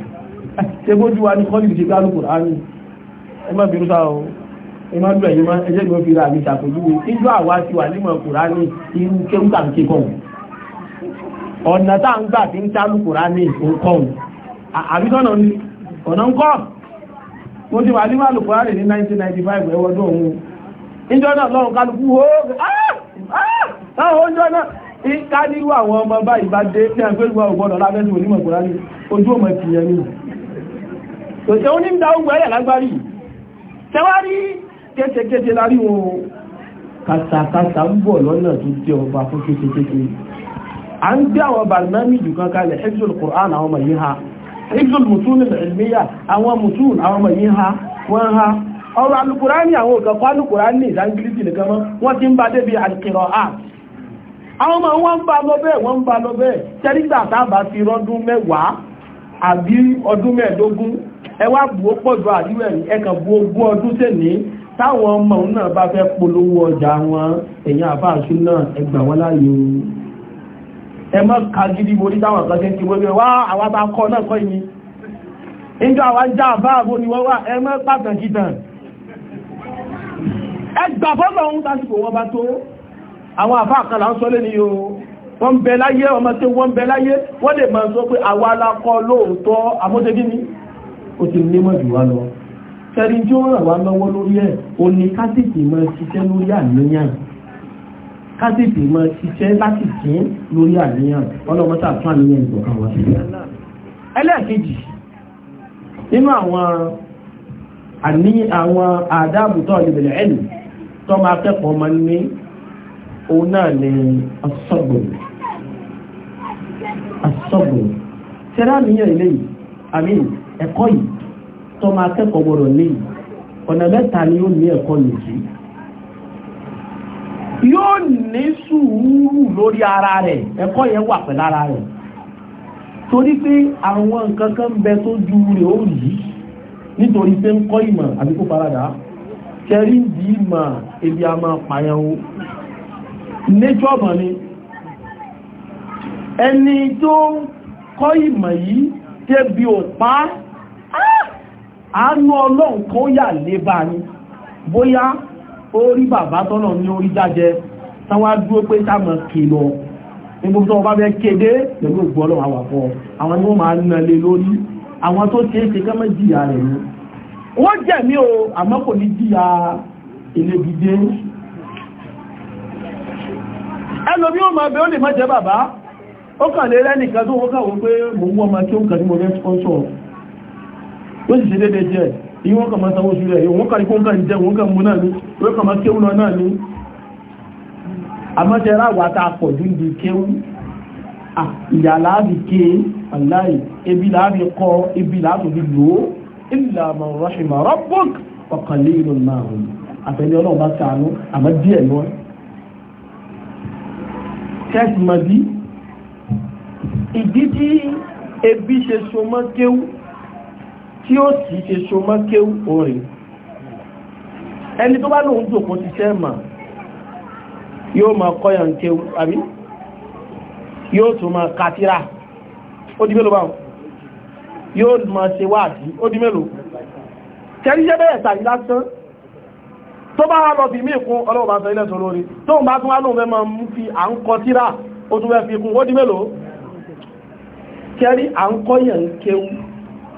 ṣé bójú wa ní kọ́lì ti kálukú rárá ẹ má bínú sáà o ìmọ̀ ọdún ẹ̀yìn mọ́ ẹjẹ́ ni wọ́n fi ra àmì ṣàpèjúwe níjọ́ àwa ti wà nímọ̀ kùránì irú kéwù tàbí kékọ̀ọ́ ọ̀nà tá ń gbà tí ń tá lùkùrá ní ìkọ̀ọ̀n àbíkọ́nà ní ọ̀nà ń kọ́ mo ti wà ní máa lùkùrá rẹ̀ ní 1995 ẹwọ́dún òun ìjọ́nà lọ́run kálukú ìkádírú àwọn ọmọ bá ìbádé ní àgbégbà ògbọ́dọ̀ lábẹ́sù onímọ̀ ìkùrá ní ojú ọmọ ìpìyàn ní òṣèlú ní ìdá ogun ẹ̀yà lágbárí tẹwárí kéṣekéṣe lárí wọn kàtàkàtà ń bọ̀ lọ́nà tó jẹ́ ọba fún kéṣekéṣe a ń gbé àwọn bàlmẹ́mìjù kan kalẹ̀ hifzul Qur'an àwọn ọmọ ha hifzul mùsùn ilmiya àwọn mùsùn àwọn ọmọ ha wọn ha ọ̀rọ̀ alukurani àwọn òkè kọ́ alukurani ìdángilisi nìkan mọ́ wọ́n ti ń débi àwọn ọmọ wọn ń lọ wọ́n ń lọ tábà rọ́dún mẹ́wàá àbí ọdún ẹ wá ó pọ̀ táwọn ọmọ náà ẹ má ka gidi mo ní táwọn kan ṣe ń ti wọ́n wá àwọn bá kọ́ náà kọ́ ìní ìjọ àwọn já àbáàbò ni wọ́n wá ẹ má pàtàkì tàn ẹgbà fọ́lọ̀ ń tásìkò wọn bá tó àwọn àfá àkàlà ń sọlé ni ó ti lé mọ́ jù wá lọ sẹ́rí tí ó ràn wá lọ́wọ́ kásìtì mọ ṣiṣẹ́ láti dín lórí àníyàn ọlọ́mọta tún àníyàn ìgbọ̀kan wọn sí. ẹlẹ́ẹ̀kejì nínú àwọn àní àwọn àdáàbòtọ́ ìbẹ̀lẹ̀ ẹ̀lì tó máa kẹ́kọ̀ọ́ máa ní òun náà ni asọ́gbòrò asọ́gbòrò tẹ́lá níyàn ilé yìí àmì ẹ̀kọ́ yìí tó máa kẹ́kọ̀ọ́ gbọ́dọ̀ ní ọ̀nà mẹ́ta ni ó ní ẹ̀kọ́ yìí yóò ní sùúrù lórí ara rẹ̀ ẹ̀kọ́ yẹn wà pẹ̀lú ara rẹ̀ torí pé àwọn nkankan ń bẹ tó ju rẹ̀ ó yìí nítorí pé ń kọ́ ìmọ̀ àbí kó faradà kẹrí ebi a máa pààyàn o mọ̀ ni ẹni tó kọ́ ìmọ̀ yìí tẹ́bi ò pa ọlọ́run kó yà ni bóyá ó rí bàbá tọ́nà ní orí jájẹ táwọn dúró pé sáàmù kìlọ̀ nígbò tó wọ́n bá fẹ́ kéde pẹ̀lú ògbọ́ ọlọ́run àwàpọ̀ àwọn ni wọ́n máa ń nalé lórí àwọn tó ṣe é ṣe kẹ́mọ́ jìyà rẹ̀ ni wọ́n jẹ̀mí o àmọ́ kò ní jìyà elébìdé ẹlòmí o máa bẹ ó lè má bàbá ó kàn lè rẹ́nìkan tó wọ́n kàwọ́ pé mò ń wọ́n máa kí ó kàn ní mo fẹ́ sponsor yí wọ́n kàn máa sanwó sí rẹ̀ wọ́n kàn kó ń kàn jẹ wọ́n kàn mú náà ní wọ́n kàn máa kéwù lọ náà ní àmọ́jẹ́rá wà tá a pọ̀ jù ní kéwù ìyà láàbì ké aláì ebi láàbì kọ ebi láàbì lò ó ìlà man rahima rabbuk wa qalilun ma hum àtẹ̀lé ọlọ́run bá sàánú àmọ́ díẹ̀ lọ tẹ́sì mọ́ bí ìdí tí ebi ṣe so mọ́ tí ó sì ṣe so mọ́ kéwù orin ẹni tó bá lóun jòkó ti tẹ́ mà yóò máa kọ́yàn kéwù àbí yóò tún máa kátírà ó di mélòó báwọn yóò máa ṣe wáàdí ó di mélòó tẹ́ríṣẹ́ bẹ́ẹ̀ tàbí lásán tó bá wá lọ bí mí kún ọlọ́wọ́ sọ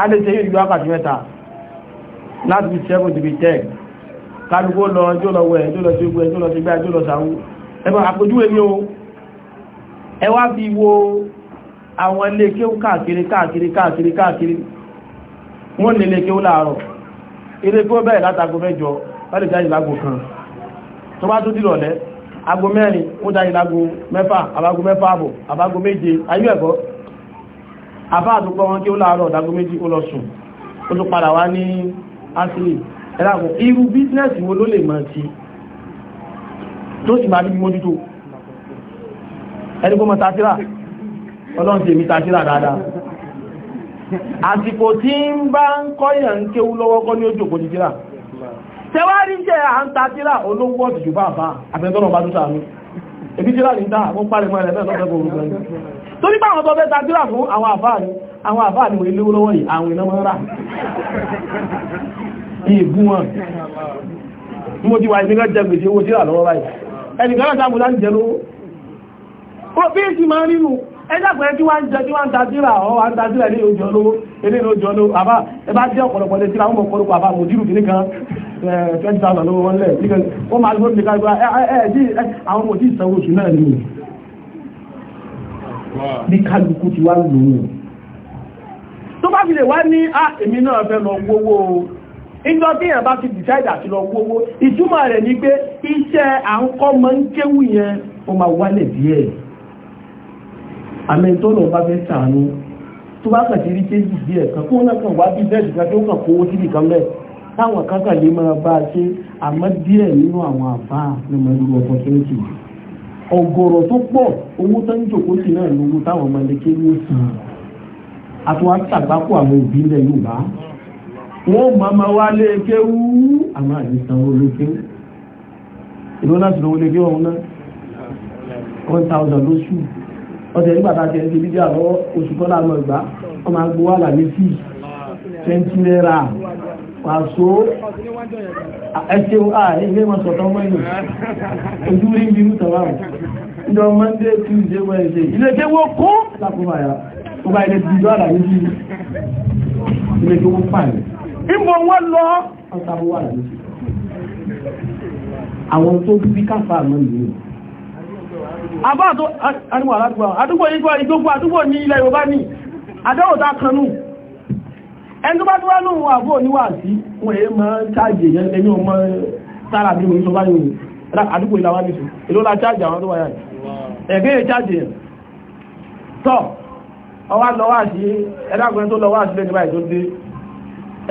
a lè ṣe ìlú wákàtí mẹ́ta láti fi ṣẹ́gun ti fi tẹ́ kálukó lọ ẹjọ́ lọ wẹ̀ ẹjọ́ lọ sí gbé ẹjọ́ lọ sí gbé ẹjọ́ lọ sàwú ẹgbẹ́ àpójúwé ní o ẹ wá fi wo àwọn ilé kéwú káàkiri káàkiri káàkiri káàkiri wọ́n lè lè kéwú láàárọ̀ ilé kéwú bẹ̀rẹ̀ látago mẹ́jọ wọ́n lè jáde lágo kan tó bá tó dìrọ̀lẹ́ ago mẹ́rin wọ́n jáde lágo mẹ́fà àbágo mẹ́fà àbọ̀ àbágo méje ayú ẹ̀kọ́ àbá àdúgbò wọn kí ó láàárọ̀ ọ̀dágún méjì ó lọ sùn ó tún padà wá ní asili ẹ̀dàkùn irú bísínẹ́sì wo ló lè mọ̀ sí tó sì máa níbi mójútó ẹni kó mọ̀ tàṣírà ọlọ́run tèmi tàṣírà dáadáa àsìkò tí ń bá ń kọ́yàn ń kéwú lọ́wọ́ kọ́ ní ojú òkòjì tíra tẹwárí jẹ́ à ń ta tíra olówó ọ̀tìjù bá àbá àbẹ́ntọ́nà bá tó sàánú ebi tíra ní ta àkópa lè mọ́ ẹ̀rẹ́ bẹ́ẹ̀ lọ́fẹ́ torí pé àwọn tọ́fẹ́ tàbílà fún àwọn àfáàní àwọn àfáàní wọ́n ilé lọ́wọ́ yìí àwọn iná mọ́ra ìbú wọn mo ti wà ìpínlẹ̀ jẹ gbèsè owó tíra lọ́wọ́ báyìí ẹnìkan náà sáàmù láti jẹ lówó ó bí ìsì máa nínú ẹjàpẹ́ tí wá ń jẹ tí wá ń ta tíra ọ wá ń ta tíra ilé ìjọ lówó ilé ìjọ lówó àbá ẹ bá jẹ́ ọ̀pọ̀lọpọ̀ lè tíra ọmọ ọ̀pọ̀lọpọ̀ àbá mo dírù kìíní kan twenty thousand lówó wọn lẹ̀ wọ́n máa lówó nìkan ẹ̀ ẹ̀ ẹ̀ àwọn ọmọ òtí ìsanwó oṣù náà nìyí ní kálukú ti wá lòun tó bá fi lè wá ní à ah, èmi náà fẹ́ lọ gbówó ìjọ tí èèyàn bá ti decide àti lọ gbówó ìtumọ̀ rẹ̀ ni pé iṣẹ́ à ń kọ́ mọ́ ń kéwù yẹn ó máa wálẹ̀ díẹ̀ àmì tó lọ bá fẹ́ sàánú tó bá kàn ti rí kéjì díẹ̀ kan kó náà kàn wá bíbẹ́ẹ̀sì kan tó kàn kówó síbi kan bẹ́ẹ̀ táwọn kan kàn lè máa bá a ṣe àmọ́ díẹ̀ nínú àwọn àbá ni mo ń ọ̀gọ̀rọ̀ tó pọ̀ owó tó ń jòkó sí náà lówó táwọn ọmọ ilé kéwì ó sì àtúwá ṣàgbákò àwọn òbí ilẹ̀ Yorùbá wọ́n máma wá lé kéwú àmọ́ àdìsanwó ló kéwú ìlú náà lówó lé kéwú ọ̀hún náà one thousand lóṣù ọ̀sẹ̀ nígbà tá a tẹ̀ ń ṣe bíbí àlọ́ oṣù kọ́lá lọ ìgbà wọ́n máa gbowó àlàyé sí twenty naira pàṣó ẹ̀ṣẹ́ ilé mọ̀sọ̀tọ̀ mọ́yìn ojú rí bí mú tọ̀wà ìjọ monday tuesday wednesday ilé tẹ́ wó kó lápúbàyà ọba ilé ti jọ àlàyé sí ilé tó wó pààrẹ ìmọ̀ wọ́n lọ ọ̀tàwọ́ àlàyé sí àwọn tó bí káfà mọ́ nìyí àbá àdúgbò ní ilẹ̀ Yorùbá ní àdáwò tá kanú ẹni bá tó wá lóhun àbó níwà sí wọ́n èé mọ́ chájì èyàn ẹni o mọ́ sára bí wọ́n tó bá yóò àdúgbò ìlàwà nìṣù la àwọn tó wáyà ẹ̀gẹ́ yẹ chájì ẹ̀ tọ́ ọwá lọ́wọ́ ẹ̀dàkùnrin tó lọ́wọ́ lẹ́gbẹ̀ẹ́ tó dé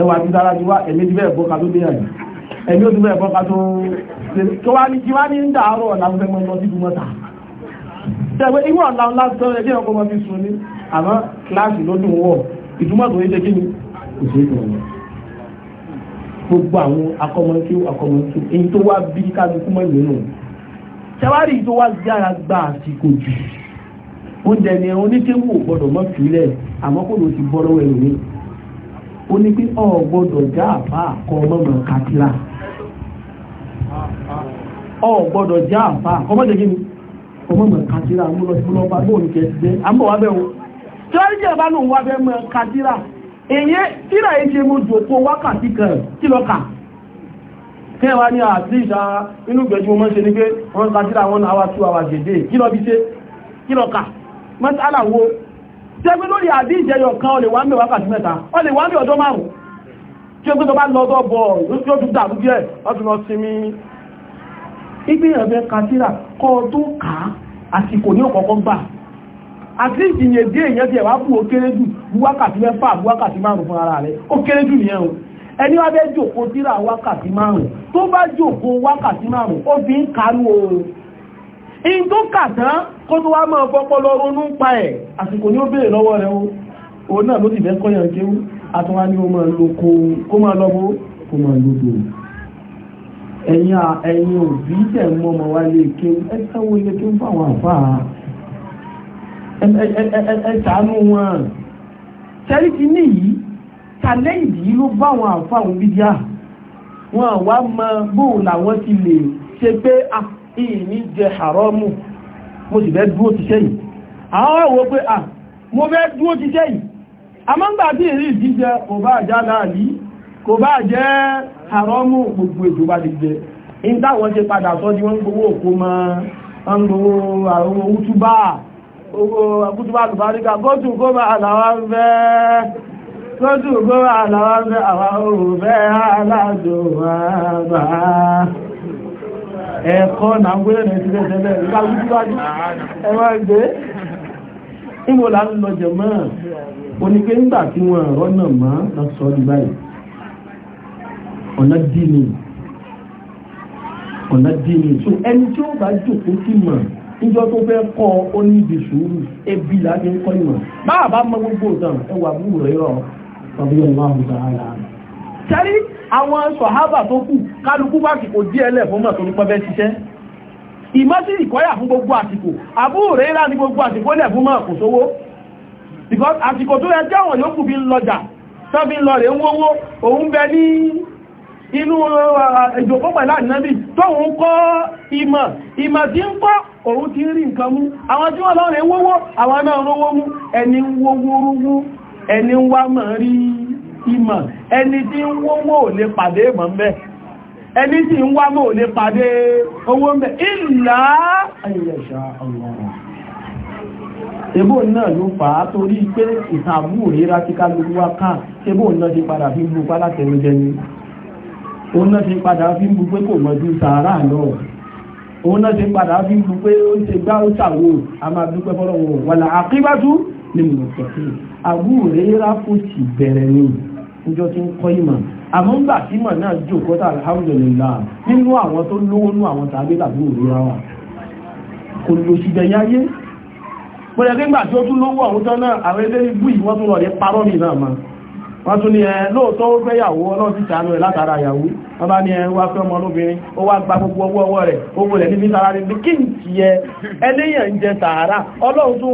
ẹwà ti dára ti wá ẹ̀mí ti bẹ́ẹ̀ bọ́ka tó dé ẹ̀mí ó ti bẹ́ẹ̀ bọ́ka tó tó wá ní wá ní ń ọ̀la fẹ́ ẹgbẹ́ ọkọ̀ mọ́ kò sí ìtàn yẹn gbogbo àwọn akọmọkí akọmọkí èyí tó wá bí kálukú mọ́ ìlú náà ṣàwárí tó wá yára gba àsìkò jù oúnjẹ ni oníkéwò gbọdọ̀ mọ́ fìlẹ̀ àmọ́ kò ló ti bọ́ lọ́wọ́ ẹ̀rọ ó ní pé ọ gbọ́dọ̀ já àfa àkọ ọmọọmọ kátìlá ọ gbọ́dọ̀ já àfa àkọ ọmọdé gíní ọmọọmọ kátìlá múlọsíbúlọ bá bóun kẹ ti dé àmọ́ wà bẹ́ẹ̀ o tí wọ́n rí jẹ́ ìbánu wà bẹ́ẹ̀ mọ kátìlá èyẹ kíra yìí ṣe mo jòkó wákàtí kan kí lọ kà kí ẹ wá ní àti ìṣà ah, inú gbẹ̀jú mọ́ ṣe ni pé wọ́n ta síra wọn àwa tú àwa jèdè kí lọ bí ṣe kí lọ kà mọ́sálà wo jẹ́gbẹ́ lórí àdí ìjẹyọ kan ó lè wá ń bẹ̀ wákàtí mẹ́ta ó lè wá ń bẹ̀ ọjọ́ márùn-ún tí ó gbé tó bá lọ ọdọ́ bọ̀ ó tún dàrú díẹ̀ ó tún lọ àti ìyẹn dé èèyàn tiẹ̀ wá fún ó kéré jù wákàtí mẹ́fà wákàtí márùn fún ara rẹ̀ ó kéré jù nìyẹn o ẹni wá bẹ́ jòkó tíra wákàtí márùn tó bá jòkó wákàtí márùn ó fi ń kánú o in tó kàtán kó tó wá máa fọ́pọ́lọ ronú pa ẹ̀ àsìkò ní ó béèrè lọ́wọ́ rẹ̀ o òun náà ló sì fẹ́ kọ́yàn kéwú àtúnwá ní ó máa lo kó máa lọ́wọ́ kó máa lódò ẹ̀yin òbí tẹ̀ mọ́ ọmọ wa lè kéwú ẹ sáwọ́ ilé kéwú fáwọn àfáà ẹ̀ẹ́sàánú wọn tẹ́lí ti ní yìí tàlẹ́ǹdì yìí ló bá wọn àfáwọn bídíà wọn wá mọ bóun làwọn ti lè ṣe pé à jẹ haramu mo sì fẹ́ dúró ti sẹ́yìn àwọn wo pé à mo fẹ́ dúró ti sẹ́yìn àmọ́ ń gbà ìdíjẹ kò bá àjá láàrí kò bá jẹ́ haramu gbogbo ètò bá ti jẹ in táwọn ṣe padà sọ ni wọ́n gbowó òkú mọ́ wọ́n gbowó àwọn owó Ogo akútúbà àlùbáríkà gọ́tù kó bá àlàwà ń fẹ́ gọ́tù kó bá àlàwà ń fẹ́ àwa òun fẹ́ aláàjò wà bá ẹ̀kọ́ nà ń gbélé ní sílẹ̀ tẹ́lẹ̀ ìgbà akútúbà ẹwà gbé ìwò là ń lọ jẹ̀mọ́ onígbé ńgbà tí ọ̀nà dì ọ̀nà dì ní so ẹni tí ó bá jòkó sí mọ̀ níjọ́ tó fẹ́ kọ́ ó ní ìdè sùúrù ebi láti ń kọ́ ìmọ̀ báà bá mọ gbogbo ìtàn ẹwà búrú rẹ̀ rọ̀ ọ̀bí ọ̀lá ọ̀dà ara sẹ́rí àwọn sọ̀hábà tó kù kálukú bá kìkò díẹ̀ lẹ̀ fún mọ̀ tó ní pẹ́bẹ́ ṣiṣẹ́ ìmọ́sí ìkọ́yà fún gbogbo àsìkò àbúrò rẹ̀ rà ní gbogbo àsìkò lẹ̀ fún mọ̀ kò sówó àsìkò tó yẹ jẹ́ àwọn yòókù bí ń lọjà tó bí ń lọ rẹ̀ ń wówó òun bẹ ní inú uh, ìjòkó pẹ̀lú ànábì tóhun kọ́ ìmọ̀ ìmọ̀ tí ń kọ́ òun ti rí nǹkan mú àwọn tí wọ́n lọ́rẹ̀ wówó àwọn náà rówó mú ẹni wówórówó ẹni wá mọ̀ rí ìmọ̀ ẹni tí ń wówó ò lè pàdé ìmọ̀ ń bẹ ẹni tí ń wá mọ̀ ò lè pàdé owó ń bẹ ìlà ayẹ̀ṣà ọlọ́run tẹ́bò náà ló fà á torí pé ìtàbù òríra tí ká lórí wá káà tẹ́bò náà ti padà ni òun náà ti padà fi ń bu pé kò mọ̀jú sàárà náà òun náà ti padà fi ń bu pé ó ń gbá ó ṣàwò a máa dúpẹ́ fọ́lọ́wọ́ wàlà àkíbátú ni mo sọ pé àbú rèéra kò sì bẹ̀rẹ̀ ni níjọ́ tí ń kọ́ ìmọ̀ àmọ́ ń gbà tí ìmọ̀ náà jókòó tà alhamdulillah nínú àwọn tó lówó nú àwọn tàbí tàbí òrera wà kò lò sí jẹyáyé pẹ̀lẹ́ nígbà tí ó tún lówó àwọn náà àwọn eléyìí bú ìwọ́n tún lọ wọ́n tún ní ẹ lóòótọ́ ó fẹ́ yàwó ọlọ́sí ìṣàánú ẹ̀ látara yàwó wọ́n bá ní ẹ wá fẹ́ ọmọ olóbìnrin ó wá gba gbogbo ọwọ́ ọwọ́ rẹ̀ ó wọlẹ̀ níbi sára níbi kí n ti sàárà ọlọ́run tún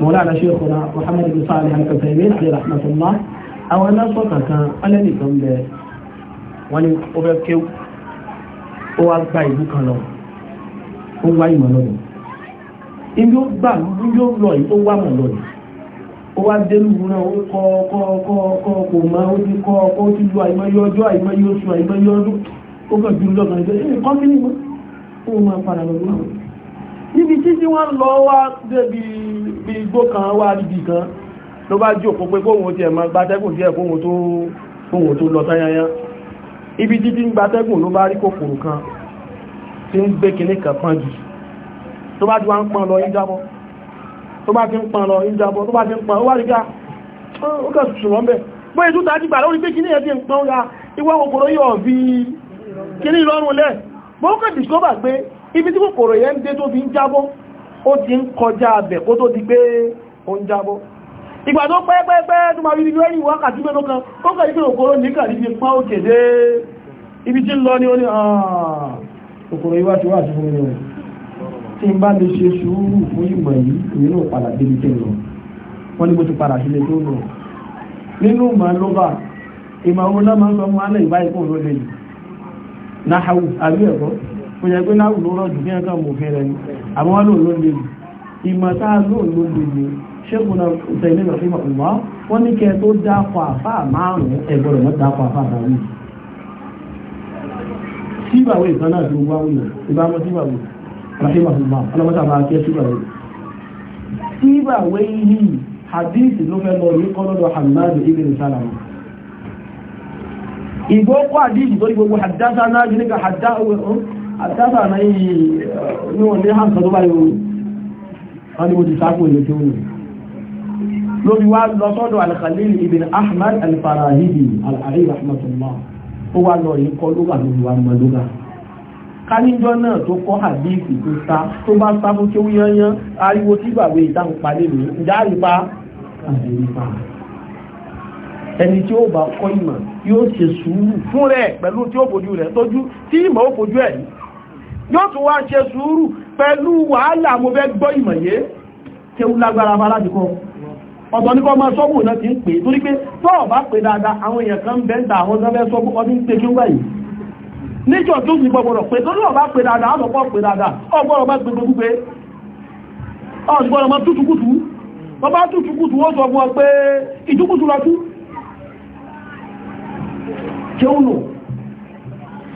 مولانا شيخنا محمد بن صالح العثيمين عليه رحمة الله àwọn alásọ̀kà kan alẹ́nìkan bẹ wọ́n ní ó fẹ́ kí ó wá gba ìlú kan lọ ó wá ìmọ̀ lọ́nà ibi ó gbà ibi ó lọ yìí ó wá mọ̀ lọ́nà ó wá délùú náà ó kọ́ kọ́ kọ́ kọ́ kò mọ́ ó ti kọ́ kọ́ ó ti lu àìmọye ọjọ́ àìmọye oṣù àìmọye ọdún ó kàn ju lọ́kàn ìjọ ẹ̀ kọ́ kí ni mo ó máa padà lọ lọ́wọ́ níbi títí wọ́n lọ wá débi bí igbó kan wá níbi kan ló bá jí òpópé kóhun ti ẹ̀mọ gbatẹ́gùn díẹ̀ kóhun tó lọ sáyányán ibi títí ń gbatẹ́gùn ló bá rí kòkòrò kan tí ń gbé kinní kan pọ́n jù tó bá ti wá ń pọ́n lọ ìjábọ́ tó bá ti ń pọ́n lọ ìjábọ́ tó bá ti ń pọ́n ó wá rí ká ah, ó kà ibi tí kòkòrò yẹn dé tó fi ń jábọ́ ó ti ń kọjá abẹ̀ kó tó di pé ó ń jábọ́ ìgbà tó pẹ́ẹ́pẹ́ẹ́pẹ́ tó máa rí ibi lẹ́yìn wákàtí mélòó kan ó kàrí pé òkòrò ní kàrí fi pán òkè dé ibi tí ń lọ ní ah, ti wá sí tí ń bá lè ṣe sùúrù fún ìmọ̀ yìí èyí náà padà débi tẹ́ lọ wọ́n ní mo ti padà sílé tó lọ nínú ìmọ̀ ló bá ìmọ̀ owó náà máa ń ó yẹ pé náà ló jù ní ẹ̀kọ́ mòfin rẹ̀ ni àwọn lò ló lè ìmọ̀ tá a ló lè ní ṣẹ́gun náà ìtẹ̀ ilé ìrọ̀fẹ́ ìmọ̀ wọ́n ní kẹ́ tó dákọ̀ àfá márùn-ún ẹgbọ́rọ̀ mọ́ dákọ̀ àfá àbáwí síbàwé ìkan tó ní ní àtàtà náà yìí eh, níwọ̀n ní hàn sọ́dọ́ báyìí wọ́n ni mo ti sáàkù ìlú tí ó wù lórí wá lọ sọ́dọ̀ al-Khalil ibn Ahmad al-Farahidi al-Ari rahmatullah ó wá lọ yìí kọ́ lóga lórí wa mọ́ lóga káníjọ́ náà tó kọ́ hadith tó sá tó bá sá fún kí ó yányán ariwo tí gbàgbé ìdáhùn palẹ̀ mi ìdá àrípa àrípa ẹni tí ó bá kọ́ ìmọ̀ yóò ṣe sùúrù fún rẹ̀ pẹ̀lú tí ó fojú rẹ̀ tójú tí ìmọ̀ ó fojú ẹ̀ yóò tún wá ṣe sùúrù pẹ̀lú wàhálà mo fẹ́ gbọ́ ìmọ̀yé tí ó lágbára bá láti kọ́ ọ̀tọ̀ ní kọ́ máa sọ́gbò náà ti ń pè torí pé tọ́ọ̀ bá pè dáadáa àwọn èèyàn kan bẹ́ńdà àwọn sọ́fẹ́ sọ́gbò ọdún pé kí ó wáyìí níjọ tó sì gbọ́gbọ́rọ̀ pé tó lọ́ọ̀ bá pè dáadáa àbọ̀pọ̀ pè dáadáa ọgbọ́rọ̀ bá gbogbo pé ọgbọ́rọ̀ mọ́ tútukútù wọ́n bá tútukútù wọ́n sọ fún ọ pé ìtukútù lọ tú kéúnù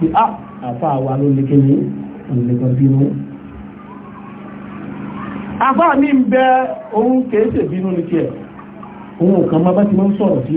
pé á ah, àfa àwa ló lè kéde òǹlẹ̀kọ̀ bínú. àfa mi ń bẹ òun kìí ṣe bínú ní tiẹ̀ òun ò kàn máa bá ti máa ń sọ̀rọ̀ kan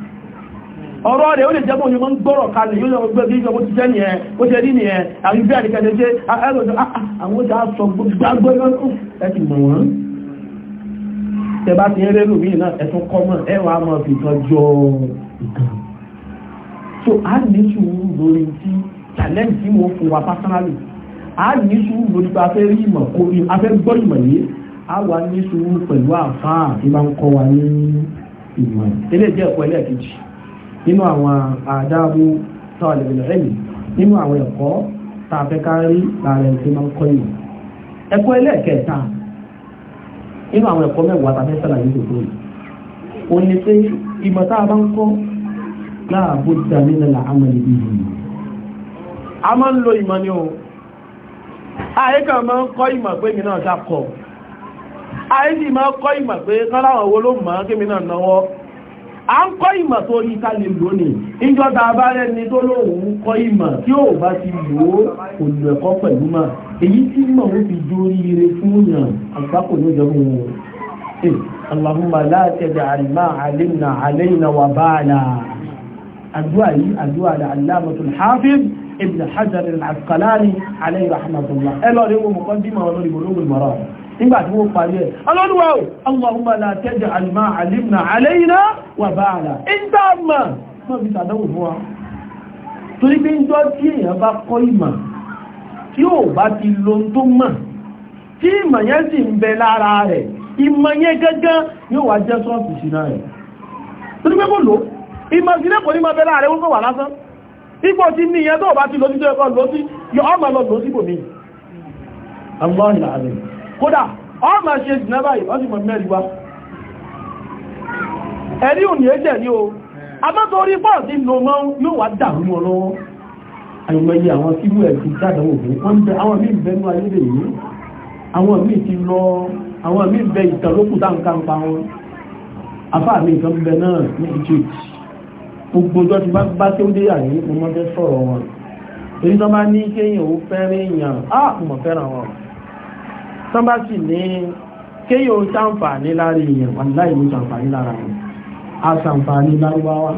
ọ̀rọ̀ rẹ̀ ó lè jẹ́ bóyí mọ́ ń gbọ́rọ̀ kalẹ̀ yóò lọ́wọ́ gbé ìjọba ti jẹ́ nìyẹn ó ṣe rí nìyẹn àwọn ìgbé àdìkẹ́ ṣe ẹgbẹ̀rún àwọn oṣù àṣọ gbogbo ẹ̀kì mọ̀ wọ́n tẹ bá ti ń rẹ́lù mí náà ẹ̀tún kọ́mọ̀ ẹwà mọ̀ fi kan jọ ìgbà a ní sùúrù lórí tí challenge tí mo fún wa personally a ní sùúrù lórí pé a fẹ́ rí ìmọ̀ kó rí a fẹ́ gbọ́ ìmọ̀ yìí a wà ní sùúrù pẹ̀lú àfáà tí máa ń kọ́ wa ní ìmọ̀ eléjẹ́ ẹ̀kọ́ nínú àwọn àdáàbò talibul ilm nínú àwọn ẹ̀kọ́ tá a fẹ́ kárí lára ẹni tí máa ń kọ́ ìmọ̀ ẹ̀kọ́ ẹlẹ́ẹ̀kẹta nínú àwọn ẹ̀kọ́ mẹ́wàá tá a fẹ́ sàlàyé gbogbo yìí ó ní pé ìmọ̀ tá a a máa ń lo ìmọ̀ ni o àyíká máa ń kọ́ ìmọ̀ pé mi náà sá kọ́ àyíká máa ń kọ́ ìmọ̀ pé kọ́láwọ̀ wo ló mọ̀ ọ́ kí a ń kọ́ ìmọ̀ tó yí ká lè lò ní ìjọta abárẹ́ ni tó lóòrùn kọ́ ìmọ̀ tí ó bá ti lò ó kò lù ẹ̀kọ́ pẹ̀lú mà èyí tí mọ̀ ó fi jó ríire fún yàn àgbákò ní ìjọba nígbàtí wọ́n parí ẹ̀ alọ́dúnwà ò allahumma la taj'al ma alimna alayna wa ba'ala ìdámà mọ́ bí sàdánwò fún wa torí pé ń jọ tí èèyàn bá kọ́ ìmọ̀ tí ó bá ti lo tó mọ̀ tí ìmọ̀ yẹn sì ń bẹ lára rẹ̀ ìmọ̀ yẹn gẹ́gẹ́ yóò wá jẹ́ sọ́ọ̀tù sí náà rẹ̀ kódà ọ ma ṣe jìnà báyìí ọ sì mọ̀ mẹ́rin wá ẹ̀rí òní ẹ̀jẹ̀ ní o amọ́torí pọ́ọ̀sí ló mọ́ yóò wá dàrú mọ́ lọ́wọ́ àyọ̀mọ̀yẹ àwọn tí wọ́n ti sádàwò fún wọ́n bẹ àwọn míì bẹnu ayédè yìí àwọn míì ti lọ àwọn míì bẹ ìtàlókù táǹkàǹpa wọn afá mi kan bẹ náà ní egypt gbogbo ọjọ́ ti bá tí ó dé àyè mo mọ́ fẹ́ sọ̀rọ̀ wọn èyí tó bá ní kéèyàn ó fẹ́ràn wọn tán bá sì ní kéyò sàǹfààní lára èèyàn wà láì mú sàǹfààní lára rẹ̀ asàǹfààní lárúbáwá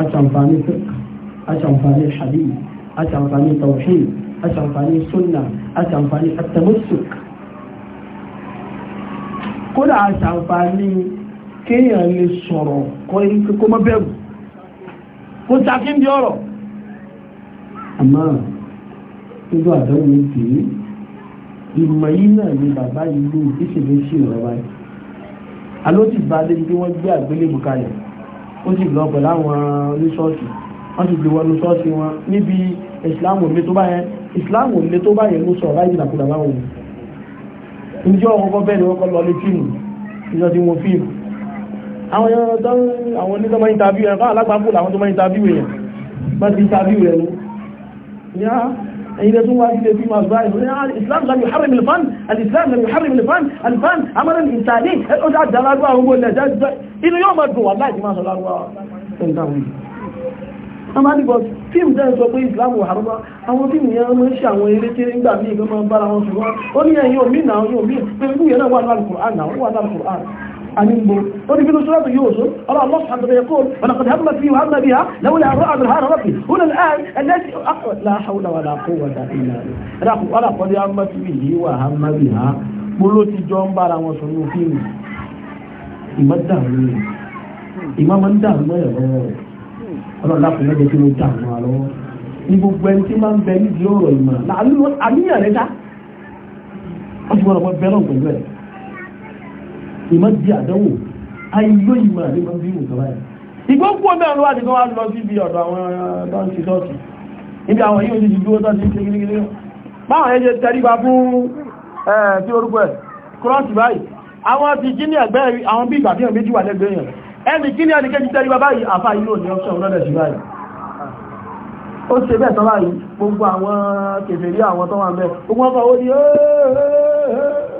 asàǹfààní fẹ́kà asàǹfààní ṣàdí asàǹfààní tawhid asàǹfààní sunna asàǹfààní atamusuk kódà asàǹfààní kéèyàn lè sọ̀rọ̀ kó má bẹ̀rù kó takí ọ̀rọ̀ àmọ́ nígbà àdáwò ní tèmi ìmọ̀ yìí náà ni bàbá yìí ló ìṣèlú sí ọ̀rọ̀ báyìí aló ti bá débi bí wọ́n gbé àgbélébù kalẹ̀ ó sì lọ pẹ̀lú àwọn oníṣọ́ọ̀ṣì wọ́n sì gbé wọnú ṣọ́ọ̀ṣì wọn níbi ìsìláàmù òmìnir tó bá yẹn ìsìláàmù òmìnir tó bá yẹn ló sọ ọ̀rá ìdìlàkudà báwọn ǹjẹ́ ọkọ̀ kọ́ bẹ́ẹ̀ ni wọ́n kọ́ lọ lé fíìmù ìjọ ti wọn fíìmù àwọn èèyàn tó àwọn oníṣọ́ máa ń tàbí ẹ̀ fáwọn alágbàbù làwọn tó máa ń tàbí èèyàn bá ti tàbí rẹ̀ ni إذا ثم أجد فيما أصبعه الإسلام لم يحرم الفن الإسلام لم يحرم الفن الفن أمرا إنساني أدعى الدلال وهو النجاز إنه يوم أدعو والله ما صلى الله عليه وسلم àmà nígbà fíìmù tẹ́ sọ pé ìsìláàmù àrùbá àwọn fíìmù yẹn máa ń ṣe àwọn eré kéré nígbà míì gan bára wọn ṣùgbọ́n ó ní ẹ̀yìn òmìnà àwọn yóò mí pé gbúyẹ̀ náà wà ní náà wà ní أنمبو ونقول سورة يوسف الله الله سبحانه وتعالى يقول ولقد همت بي وهم بها لولا أن رأى بالهار ربي هنا الآن التي أقوى لا حول ولا قوة إلا بالله ولقد همت به وهم بها بلوتي جون بارا وصنو فيه إما الدهر إما من دهر ما يرى ọlọ́run láti lọ́jọ́ tí mo dà mọ́ àlọ́ ní gbogbo ẹni tí máa ń bẹ nídìí ọ̀rọ̀ ìmọ̀ àníyàn rẹ̀ wọ́n ti gbọ́dọ̀ mọ́ bẹ́ẹ̀ náà pẹ̀lú ẹ̀ ìmọ̀ di àdánwò àìló ìmọ̀ àti ìmọ̀ bí ìwòsàn báyìí. ìgbókù omi ọ̀rọ̀ wà nígbà wà lọ sí ibi ọ̀dọ̀ àwọn dọ́ǹtì dọ́ǹtì níbi àwọn yìí ó ti di dúró tọ́sí kékeré báwọn ẹ̀jẹ̀ tẹríba fún tí orúkọ ẹ̀ kúrọ́ọ̀sì báyìí àwọn ti kí ní ẹgbẹ́ àwọn bí ìgbà bíyàn méjì wà lẹ́gbẹ̀ẹ́ yẹn ẹni kí ní ẹnikẹ́jì tẹríba báyìí àfà ìlú òní ọ̀ṣọ́ lọ́dẹ̀ sí báyìí ó ṣe bẹ́ẹ̀ tán báyìí gbogbo àwọn kèfèrí àwọn tó wà ń bẹ gbogbo ọkọ̀ ó ní ẹ́ẹ̀ẹ́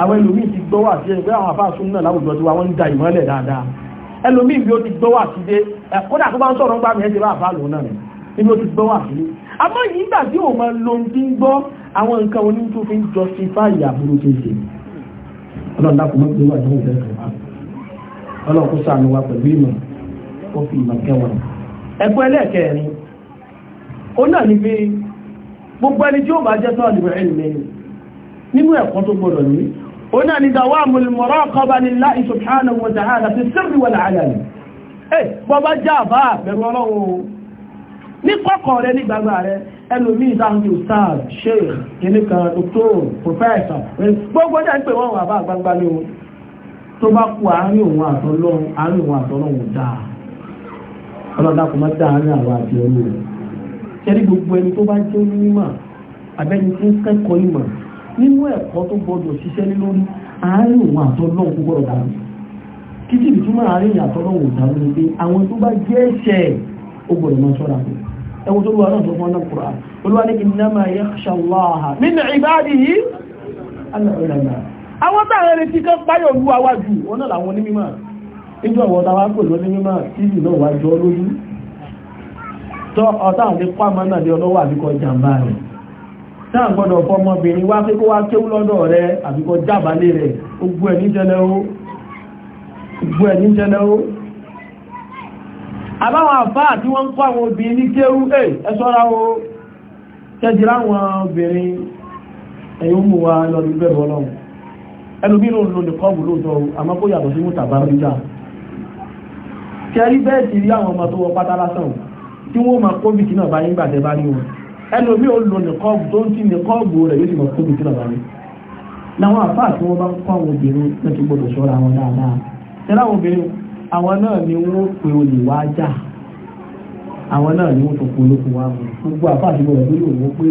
àwọn ẹlòmíì ti gbọ́ wà sí ẹni pé àwọn àfáà súnmọ́ láwùjọ tí wọ́n ń da ìmọ́lẹ̀ dáadáa ẹlòmíì bí ó ti gbọ́ wà sí dé kódà tó bá ń sọ̀rọ̀ gbà mí ẹ́ ti bá àfáà lòun náà rẹ̀ ibi ó ti gbọ́ wà sí àmọ́ yìí gbà tí òun máa lo ti ń gbọ́ àwọn nǹkan oní tó fi ń justify àbúrò tó ṣe ọlọ́run dákun mọ́ pé wà ní ìfẹ́ kan ọlọ́run kó sànù wa pẹ̀lú ìmọ̀ ó fi ìmọ̀ kẹwàá ẹgbẹ́ ẹlẹ́ẹ̀kẹrin ó náà ní pé gbogbo ẹni tí ó bá jẹ́ tọ́ọ̀lù rẹ̀ nìyẹn nínú ẹ̀kọ́ tó gbọdọ̀ ní ó náà ni dawamul muraqaba lillahi subhanahu wa ta'ala fi sirri wal alani ẹ̀ bọ́bá já rẹ ní gbàgbà rẹ ẹlòmí kan gbogbo dá ń pè wọ́n wà bá gbangba ní o tó bá kú àárín òun àtọ́lọ́run àárín òun àtọ́lọ́run dáa nínú ẹ̀kọ́ tó gbọdọ̀ ṣiṣẹ́ ní lórí àárín òun àtọ́lọ́ kó gbọdọ̀ títí ìtumọ̀ àárín àtọ́lọ́ òun dàrú ni pé àwọn tó bá jẹ́ ẹ̀ṣẹ̀ ó gbọdọ̀ máa ṣọ́ra pé ẹwọ́n tó lùwà náà tó fún kúrò olúwa ní innama yakhsha Allaha min ibadihi al-ulama náà gbọ́dọ̀ fọmọbìnrin wá pé kó wá kéwú lọ́dọ̀ rẹ àbíkọ jábálé rẹ gbogbo ẹ̀ níjẹ́lẹ̀ ó àbáwọn àfáà tí wọ́n ń kọ́ àwọn obìnrin ní kéwú ẹ ṣọ́ra o tẹ́jì láwọn obìnrin ẹ̀yọ́ mú wa lọ ní bẹ̀rẹ̀ ọlọ́run ẹlùmí ló lò ní kọ́ọ̀bù lóòtọ́ àmọ́ kó yàtọ̀ sí mútàbá ríjà kẹrí bẹ́ẹ̀ ti rí àwọn ọmọ tó wọ pátá lásán tí wọ́n máa kó bìtì náà bá nígbà tẹ́ bá ní wọn ẹlòmí ò lò nìkọ́ọ̀bù tó ń tí nìkọ́ọ̀bù rẹ̀ yóò sì mọ̀ tóbi tí lọ́wọ́ rẹ̀ làwọn àfáà tí wọ́n bá ń kọ́ àwọn obìnrin náà ti gbọdọ̀ ṣọ́ra wọn dáadáa tẹ́lá àwọn obìnrin àwọn náà ni wọ́n pe olè wá jà àwọn náà ni wọ́n tó pe olókun wá mọ̀ gbogbo àfáà tí gbọdọ̀ lórí òun pé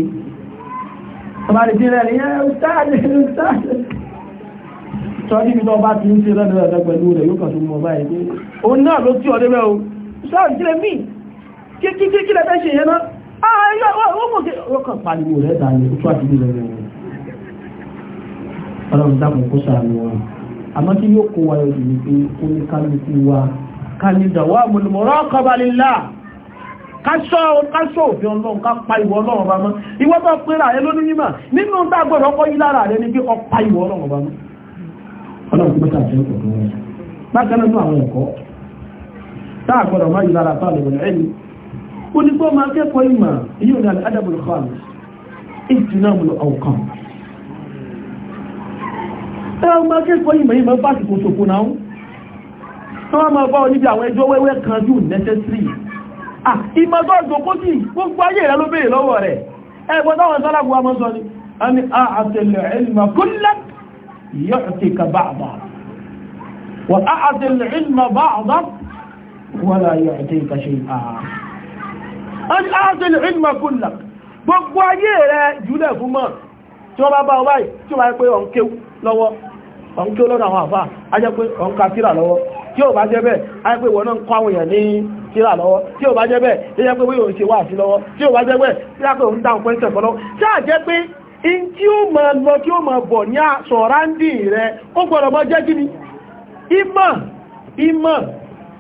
ọba lè dín rẹ̀ yẹn táàdì táàdì sọ́ọ́dí mi tó bá ti ń ṣe lọ́dọ̀ pẹ̀lú rẹ̀ yóò kàn tó mọ̀ báyìí pé òun náà ló tí ọdẹ bẹ́ẹ̀ o sọ́ọ́dí rẹ̀ mí kí kí kí lẹ fẹ́ ṣe yẹn náà ọkàn pariwo rẹ̀ dàní ó tó àdúgbò rẹ̀ rẹ̀ ọlọ́run dákun kó sàánú wa àmọ́ tí yóò kó wa yóò dì ní pé ó ní kálukú wa kálídà wà mọ̀lùmọ̀rọ̀ kọbalìlá kásọ̀ kásọ̀ òfin ọlọ́run ká pa ìwọ ọlọ́run ọba mọ́ ìwọ bá pèrà ẹ lónìí mímọ̀ nínú dágbọ̀rọ̀ ọkọ̀ yí lára rẹ ni pé ọ pa ìwọ ọlọ́run ọba mọ́ ọlọ́run kó sàánú ẹ̀kọ́ tó wọ́n bákan náà àwọn ẹ̀kọ́ táà gbọ́dọ̀ má yí lára fáwọn ẹ̀yìn ó ní gbọ́ máa kẹ́kọ̀ọ́ ìmọ̀ èyí ò ní al-adabul khamis ìtìnàmùlò ọ̀kan ẹ̀rọ máa kẹ́kọ̀ọ́ ìmọ̀ ìmọ̀ bá ti kò sòkò náà wọ́n máa bá ọ níbi àwọn ẹjọ́ wẹ́wẹ́ kan jù necessary ah ìmọ̀gọ́ ìgbòkó sí gbogbo ayé rẹ̀ wọ́n láyé àtẹ́ ìkàṣe àà áṣìlì ìlmà kúnlá gbogbo ayé rẹ̀ jùlẹ̀ fún mọ́ tí wọ́n bá bá ọwá tí wọ́n pé ọ̀nkéw lọ́wọ́ ọ̀nkéw lọ́nà àwọn àfáà ajẹ́ pé ọ̀nká tíra lọ́wọ́ tí ó bá jẹ́ bẹ́ẹ̀ ajẹ́ pé wọ́n náà ń kọ́ àwọn èèyàn ní tíra lọ́wọ́ tí ó bá jẹ́ bẹ́ẹ̀ tí ó jẹ́ pé wọ́n yóò ṣe wà sí lọ́wọ́ tí ó bá jẹ́ bẹ́ẹ̀ tí ó ń dáhùn pẹ́ńtẹ̀ fọ́lọ́ ṣáà jẹ́ pé in tí ó mọ̀ lọ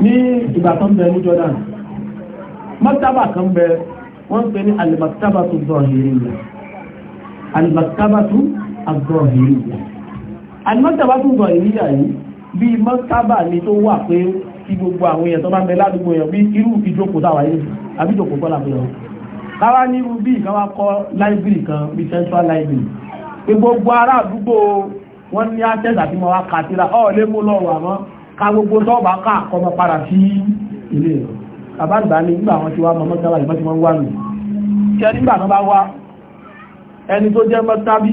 ní ìgbà kan bẹ ní Jordan mọ́tàbà kan bẹ wọ́n pè ní alimaktabatu zọ̀hìrìyà alimaktabatu zọ̀hìrìyà alimaktabatu zọ̀hìrìyà yìí bí mọ́tàbà ni tó wà pé kí gbogbo àwọn èèyàn tó bá ń bẹ ládùúgbò èèyàn bí irú ìjókòó táwa yìí àbí ìjókòó kọ́ làbẹ̀ wọn káwá ní irú bí ìkáwá kọ́ láìbìrì kan bí central library pé gbogbo ará àdúgbò wọn ní access àti mọ́ wá kàtíra ọ̀ lé mú lọ́rùn àmọ́ ká gbogbo tọ́ọ̀bà ká kọmọ padà sí ilé rẹ̀ bàbá ìgbà ní nígbà wọn ti wá mọ́ mọ́tàbà ìbọn tí wọ́n wà nù ṣe nígbà tó bá wá ẹni tó jẹ́ mọ́tàbí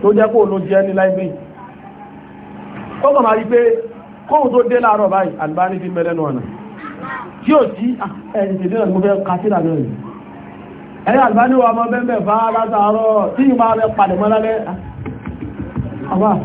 tó jẹ́ kó ló jẹ́ ní láìpẹ́ ó mọ̀ máa rí pé kóhùn tó dé láàárọ̀ báyìí àlùbáni ti mẹ́rẹ́ nù ọ̀nà tí ó sí ah, ẹni tètè náà ni mo fẹ́ ka sí làbẹ́ rẹ̀ ẹni àlùbáni wà mọ́ bẹ́ẹ̀ bẹ́ẹ̀ fà á látàárọ̀ tí ìmọ̀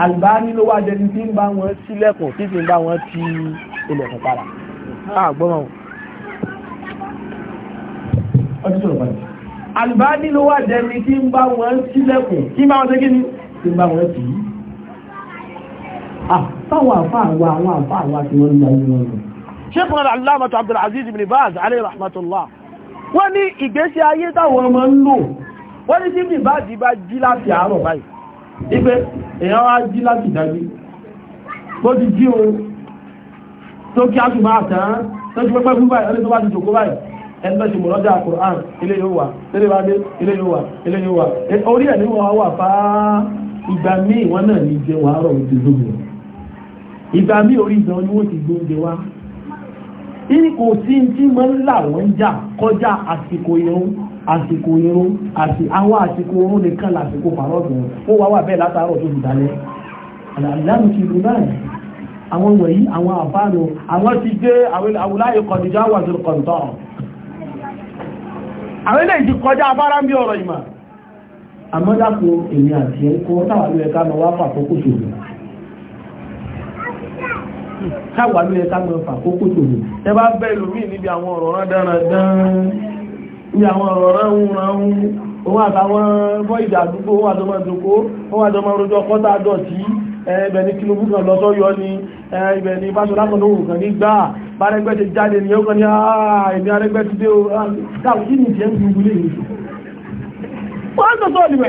Albani ló wá dẹni tí ń bá wọn sílẹ̀kùn tí ti ń bá wọn ti ilẹ̀kùn padà àgbọ́n ah, Albani ló wá dẹni tí ń bá wọn sílẹ̀kùn tí bá wọn tẹ́ gíní tí ń bá wọn tí àtàwọn ah, àfáàwà àwọn àfáàwà tí wọ́n ń lọ Sheikh al-Allama Abdul Aziz ibn Baz alayhi rahmatullah wọ́n ní ìgbésí ayé táwọn ọmọ ń lò wọ́n ní tí ibn Baz bá jí láti àárọ̀ báyìí ipe èyàn wá jí láti ìdájú bó ti jí o tó kí àṣùgbà àtàn tó ti pẹ́pẹ́ fúnbà ẹni tó bá ti jòkó báyìí ẹni tó ti mọ̀ lọ́jà Qur'an ilé yóò wà ilé yóò wà ilé yóò wà ilé yóò wà orí ẹ̀ ní wọ́n wà fá ìgbà míì wọ́n náà ní ti gbóúnjẹ wá ní kò sí tí mọ́ ń là wọ́n jà kọjá àsìkò irun àsìkò irun àti àwọn àsìkò irun nìkan làsìkò pàrọ̀dù ó wá wà bẹ́ẹ̀ látàárọ̀ tó ti dalẹ̀ àlàlánù ti lu náà àwọn wọ̀nyí àwọn àbánu àwọn ti dé àwòláyé kọ̀dìjà wà tó kọ̀ǹtọ̀ àwọn ilé ìdí kọjá abára ń bí ọ̀rọ̀ ìmọ̀ káwà ló yẹ ká mọ fà kókó tòun ẹ bá bẹ ẹlòmíì níbi àwọn ọ̀rọ̀ rán dáradára níbi àwọn ọ̀rọ̀ rán ń rán ń òun àtàwọn bọ́ìdì àdúgbò òun àtọmọ ìdòkó òun àtọmọ ìrojọ kọ́tà dọ̀tí ibẹ̀ ni Tinubu kan lọ sọ́yọ́ ni ibẹ̀ ni Fáṣọlá kan lóhùn kan ní gbà ti jáde ní ọkọ̀ ní ààrẹ ní ti dé o dáwọn kí ni ìjẹ́ ń gbogbo lè rí wọ́n tó sọ́ọ̀lù ẹ̀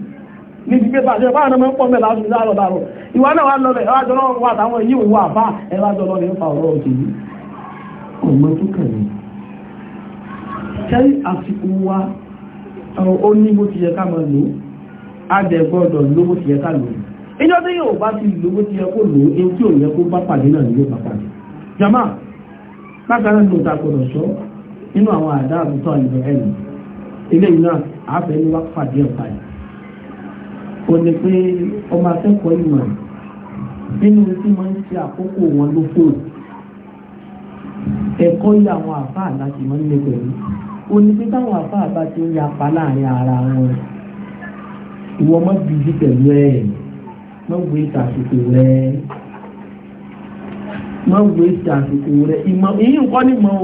ní ti gbé bàjẹ́ báwọn ọmọ ń pọ̀ mẹ́lá ọdún láàrọ̀ láàrọ̀ ìwà náà wà lọ́lẹ̀ ẹwà jọ lọ́wọ́ wà táwọn yíò wà bá ẹwà jọ lọ́lẹ̀ ń fa ọ̀rọ̀ òjèlú ọmọ tó kẹ̀lẹ̀ kẹ́rì àsìkò wa ó ní bó ti yẹ ká máa lò á dẹ̀ gbọ́dọ̀ ló bó ti yẹ ká lò ìjọ tí yóò bá ti lò bó ti yẹ kó lò ó tí ò yẹ kó bá pàdé náà ní yóò bá pàdé jama bákan náà ló ta gbọ́dọ̀ sọ nínú àwọn àdá àbútọ́ àlùbẹ̀rẹ̀ ilé ìlú náà àáfẹ́ ní wá pàdé ọ̀pá yìí kò ní pé ọmọ akẹ́kọ̀ọ́ ìmọ̀ nínú tí wọ́n ń ṣe àkókò wọn ló fò ẹ̀kọ́ yí àwọn àfáà láti mọ́ nílé pẹ̀lú o ní pé táwọn àfáà bá ti ń yapa láàrin ara wọn ìwọ mọ́ bìbí pẹ̀lú ẹ̀ mọ́ gbé rẹ̀ mọ́ gbé rẹ̀ ìmọ̀ èyí nǹkan ni mọ́ o.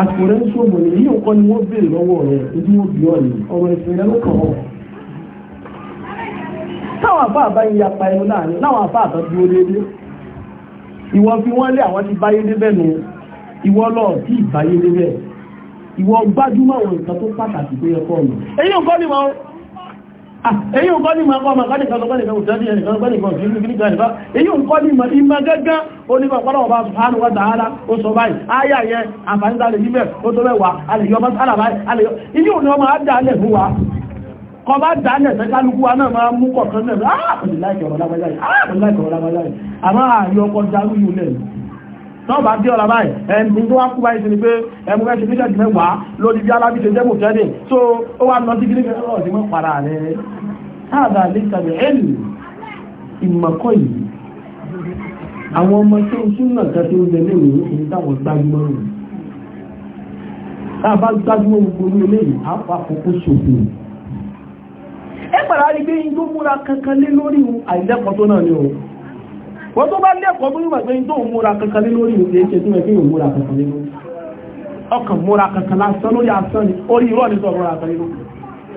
àkùrẹ́ ń ṣòbò ní yíò kọ́ ni wọ́n bèèrè lọ́wọ́ rẹ̀ ojú wọn bí ọ̀nì ọ̀rọ̀ ìfẹ́ rẹ̀ ló kàn ọ́. táwọn àfáà bá yí apá ẹnu láàrin láwọn àfáà bá dúró déédé ìwọ fi wọ́n lé àwọn ti báyé débẹ̀ nu ìwọ lọ sí ìbáyé débẹ̀ ìwọ gbájúmọ̀ àwọn nǹkan tó pàtàkì tó yẹ kọ́ ọ̀nà. èyí ò kọ́ ni wọn èyí ò kọ́ ní ma kọ́ ma kọ́ ní kan sọpọ́ nìkan òtẹ́sí ẹnìkan sọpọ́ nìkan òtẹ́sí nìkan nìkan nìkan èyí ò kọ́ ní ma ìmọ̀ gẹ́gẹ́ oníkan pọ́lọ̀ ọba subhanahu wa ta'ala ó sọ báyìí ayà yẹn àǹfààní sáré yíbẹ̀ ó tó mẹ́wàá alẹ́yọ ọmọ sára báyìí alẹ́yọ ilé òní ọmọ á dà lẹ̀ fún wa kọ bá dà lẹ̀ fẹ́ kálukú wa náà máa mú kọ̀ọ̀kan náà ah kò ní láìkẹ̀ ọ̀rọ̀ lágbájá yìí ah kò ní láìkẹ̀ ọ̀rọ̀ lágbájá yìí àmọ́ àyọ ọkọ̀ darú yìí lẹ̀ tọ́ bá dé ọ̀la báyìí ẹni tó wá kú báyìí sí ni pé ẹmú ẹ́ ti fi mẹ́wàá lórí bí alábìṣẹ́ jẹ́ tẹ́lẹ̀ so ó wá lọ sí gírígẹ́ ọ̀sìn mọ́ para rẹ̀ hàdà àlékàbí ẹ̀lù ìmọ̀kọ́ yìí àwọn ọmọ tó ń súnà kẹtẹ oúnjẹ lẹ́nu ní táwọn gbájúmọ́ rẹ̀ tá a bá gbájúmọ́ gbogbo ní eléyìí á pa àkókò ṣòfò ẹ pàdà rí pé tó múra kankan lé lórí àìlẹ́kọ̀ọ́ tó náà ni o wọ́n tó bá lẹ́kọ̀ọ́ tó yíwà pé tó múra kankan lé lórí ìwé ṣe tó yẹ kí yóò múra kankan lé lórí ọkàn múra kankan lásán lórí asán ni orí irọ́ ni sọ múra kankan lé lórí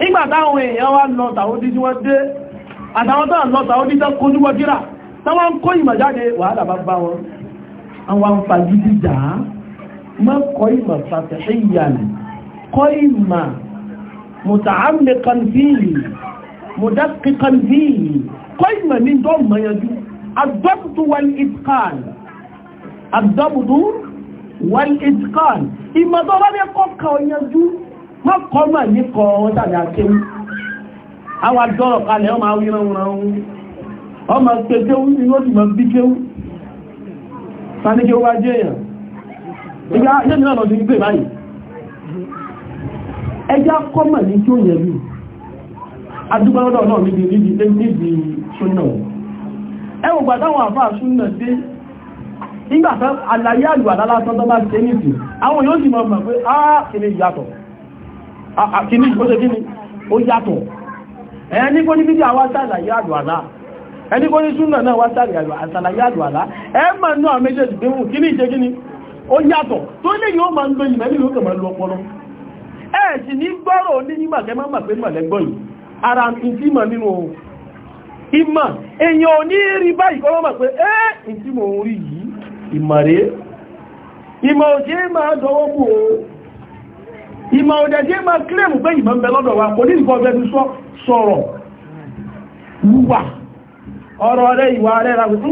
nígbà táwọn èèyàn wá lọ tàódí tí wọ́n dé àtàwọn tó lọ tàódí tó kó níwọ́ díra táwọn ń kó ìmọ̀ jáde wàhálà bá bá wọn àwọn ń fagídí jà á mọ́ kọ́ ìmọ̀ fàtẹ̀ṣẹ́ ìyàlẹ̀ kọ́ ìmọ̀ mùtàámẹ́kan fíìlì mùdákìkan fíìlì kọ́ ìmọ̀ ní tó mọ̀yànjú adọ́bùtú wal ìtkan adọ́bùtú wal ìtkan má kọ́ mà ní kọ́ wọn tàbí akéwú àwọn adọ́rọ̀ kalẹ̀ ọmọ awíran wọn ọ̀hún ọmọ pẹ̀tẹ́wú ni ó ti mọ̀ bí kéwú sani kéwú wá jẹ́ èèyàn ìgbà iṣẹ́ mi náà lọ sí gbé báyìí ẹjá kọ́ mà ní kí ó yẹ bí adúgbọ́lọ́dọ̀ náà níbi níbi níbi súnà ẹwọ̀n gbà táwọn àfáà súnà dé nígbàtà àlàyé àlùwàlá lásán tó bá ṣe nìsí àwọn yóò sì mọ̀ mọ̀ pé á kìí yàtọ̀ àkíní ìgbóṣe kí ni ó yàtọ̀ ẹni kó ní bídí àwọn sàlàyé àdùàlá ẹni kó ní súnà náà wá sàlàyé àdùàlá ẹ mọ̀ náà méjèèjì pé wù kíní ìṣe kí ó yàtọ̀ tó lè yóò máa ń lo ìmẹ́lì yóò n'igboro kema ma ara mọ̀ ìmọ̀ èèyàn ìmọ̀ òdẹ̀dẹ́ máa kílẹ̀mù pé ìmọ̀ ń lọ́dọ̀ wa kò ní ìfọ́ ọbẹ̀ ti sọ sọ̀rọ̀ wúwà ọ̀rọ̀ rẹ̀ ìwà rẹ̀ ra wùtú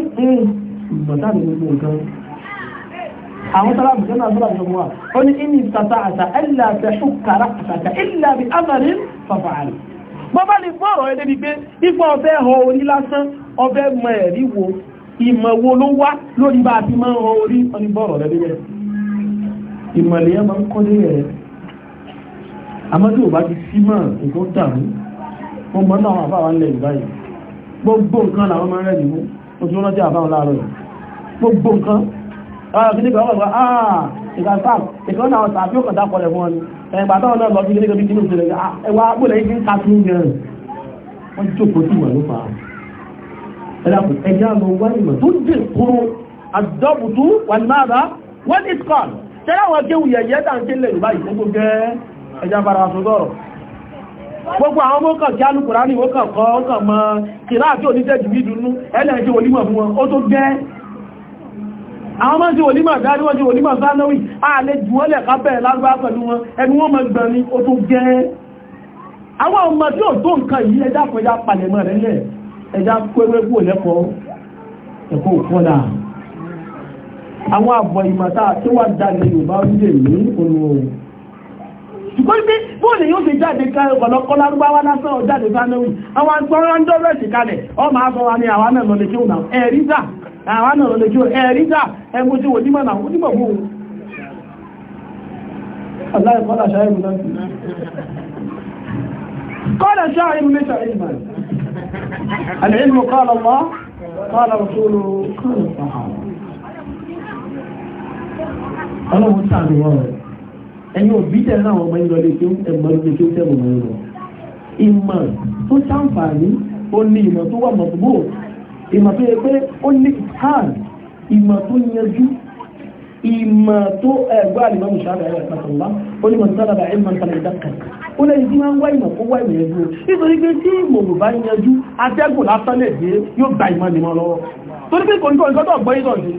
àwọn sáláàmù jẹ́ náà sáláàmù jọmọ́ ó ní inú ìtàtà àtà ẹ̀là tẹ̀ṣùkàrà àtàkà ẹ̀là bí ázàrí fàfààrí bọ́bá ní fọ́rọ̀ ẹ̀dẹ́ bí pé ipò ọ̀fẹ́ họ orí lásán ọbẹ̀ mọ ẹ̀rí wo ìmọ̀ máa ń họ orí ọ àmọ́ tí ò bá ti sí mọ́ nǹkan dàrú wọ́n mọ́ náà àbáwọn lẹ̀ ìbáyìí gbogbo nǹkan làwọn máa ń rẹ̀ nìmú ó tún rántí àbáwọn láàárọ̀ gbogbo nǹkan ọ̀rọ̀ kìí nígbà ọ̀rọ̀ àà ah, ìgbàsáà ìkan náà tàbí ó kọ̀dá kọlẹ̀ fún ọni ẹgbà tó náà lọ kìí nígbà bí kìí nígbà ah, ẹwà agbóòlẹ̀ yìí ń kàtún gẹ̀rẹ̀ wọ́n jókòó sí wà ló fà á ẹ̀dàkùn ẹjá lọ wá ìmọ̀ tó dì kúrò àdọ́bùtú wà náà wọ́n ní skọ́l tẹ́lá wọn kéwù yẹ̀yẹ́ dà ń tẹ́lẹ̀ ìbáyìí tó gbogbo ẹjá bára wọn sọ́rọ̀ gbogbo àwọn ọmọ kan kí alùkùrá ní wọ́n kàn kọ́ ọkàn mọ́ kìrá àti oníṣẹ́ jù bí dúnú ẹlẹ́ẹ̀jẹ́ onímọ̀ fún wọn ó tó gẹ́ àwọn máa ń ṣe onímọ̀ dárí wọ́n ṣe onímọ̀ sánáwì ààlẹ́ jù wọ́n lẹ̀ kápẹ̀ lárúbá pẹ̀lú wọn ẹni wọ́n mọ̀ gbọ́n ní ó ṣùgbọ́n bóòlù yóò fi jáde ọ̀pọ̀lọpọ̀ lárúbáwá lásán ọ̀jáde sánéwì àwọn àgbọ̀nrán ń dọ́rọ̀ ìsìnkalẹ̀ ọmọ àfọ wa ni àwa náà lọ ẹ̀rí ẹ̀yin òbí tẹ̀ náà ọmọ yín lọlé kí ẹ̀mọ́ lókè kí ó tẹ̀ ọmọ yín lọ. ìmọ̀ tó ṣàǹfààní ó ní ìmọ̀ tó wà mọ̀tòbó ìmọ̀ tó yẹ pé ó ní hàn ìmọ̀ tó yanjú ìmọ̀ tó ẹ̀gbọ́n àlùmọ́ mùsàlẹ̀ ẹ̀rọ ìpàtàlá ó ní mọ̀ sára bá ẹ̀mọ̀ nǹkan ìdákan ó lẹ́yìn tí wọ́n ń wá ìmọ̀ kó wá ìmọ̀ yanjú nítorí pé tí ìmọ̀ ò bá yanjú atẹ́gùn lásán lè dé yóò gba ìmọ̀ nìmọ̀ lọ́wọ́ torí pé kò ní kò ní kò tó ọ̀gbọ́n yìí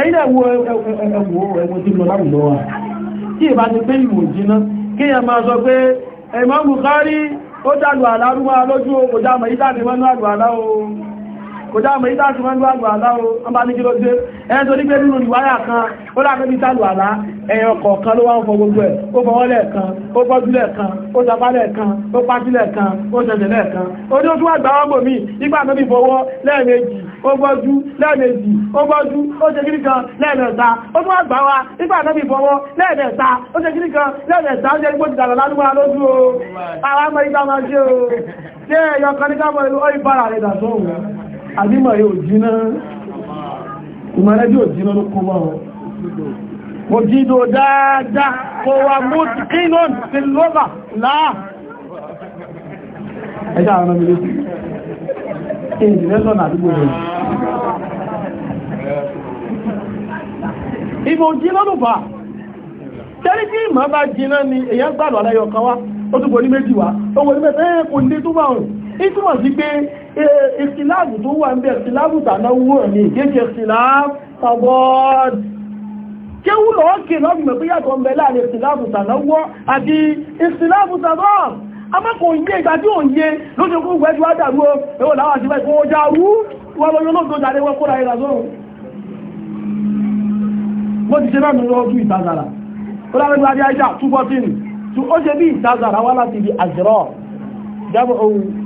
ẹ̀yìn ẹ̀wọ̀ ẹ̀wọ̀ ẹ̀wọ̀ tí lọ láwùlọ́ wa tí ìbá ti pé ìwò jíná kí ẹ máa sọ pé ẹ̀mọ́ Bukhari ó dàlù àlárúwá lójú ó kò dámà ìdáàdì mọ́nú àlù àlá ohun kò já mọ̀ ìdájú mọ́ nígbà àgbà aláwò ọmọ ní kíló dé ẹ̀yẹ́ tó ní pé nínú ìwáyà kan ó dá pẹ́bí sálù àlá ẹ̀yọ kọ̀ọ̀kan ló wá ń fọ gbogbo ẹ̀ ó fọwọ́ lẹ́ẹ̀kan ó gbọ́jú lẹ́ẹ̀kan ó sapá lẹ́ẹ̀kan ó pátí lẹ́ẹ̀kan ó ṣẹ̀ṣẹ̀ lẹ́ẹ̀kan ó ní ó tún àgbà wọn bò mí nígbà tó bí fọwọ́ lẹ́ẹ̀mejì ó gbọ́jú lẹ́ẹ̀mejì ó gbọ́jú ó ṣe kiri kan lẹ́ẹ̀mẹ́ta ó tún ṣé ẹ̀yọ kan ní káàbọ̀ ìlú ọ́ ìbára rẹ̀ dà sóhùn àdímọ̀ yóò jíná ìmọ̀lẹ́bí ò jíná ló kó mo dáadáa mú láà ẹjá àwọn ọmọ ilé rẹ̀ ìmọ̀ ló bá ìmọ̀ ni èyàn gbàlọ̀ aláyọ̀ kan wá ó túnbọ̀ ní méjì wá ó wọ́n ní ìtumọ̀ sí pé ìsìláàbù tó wà ń bẹ̀ ìsìláàbù tànáwó ní ìkéṣe ìsìláàbù tàbọ́ọ̀dì kí wúlò ókè náà gbìmọ̀ pé yàtọ̀ ń bẹ láàrin ìsìláàbù tànáwó àti ìsìláàbù tàbọ́ọ̀dì amákò yé ìgbà tí ò ń yé lóṣe kó gbẹ́jú ádàrú ẹwọ láwọn àti bẹ́ẹ̀ kó já wú wọ́n lọ yóò tó jáde wọ́n kóra ìrà sóhun wọ́n ti ṣe náà nínú ọdún ìtazàrà ó lábẹ́ gbájá ìjà túbọ̀ tí ó ṣe bí ìtazàrà wá láti ibi àjẹ́rọ̀ jábọ̀ ohun